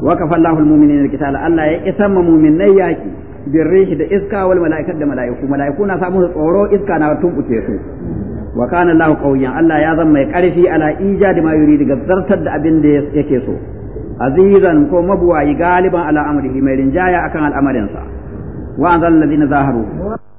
wa kafallahu al alqital Allah ya isamma mu'minai yaki birrihi da iska wal mala'ikat da mala'iku mala'iku na samu tsoro iska na tumbuke su wa kana Allahu Allah ya zama mai karfi ala ijadi ma yuridu zartar da abin da yake so azizan ko mabuwayi galiban ala mai rinjaya akan al'amarinsa wa na ladina zaharu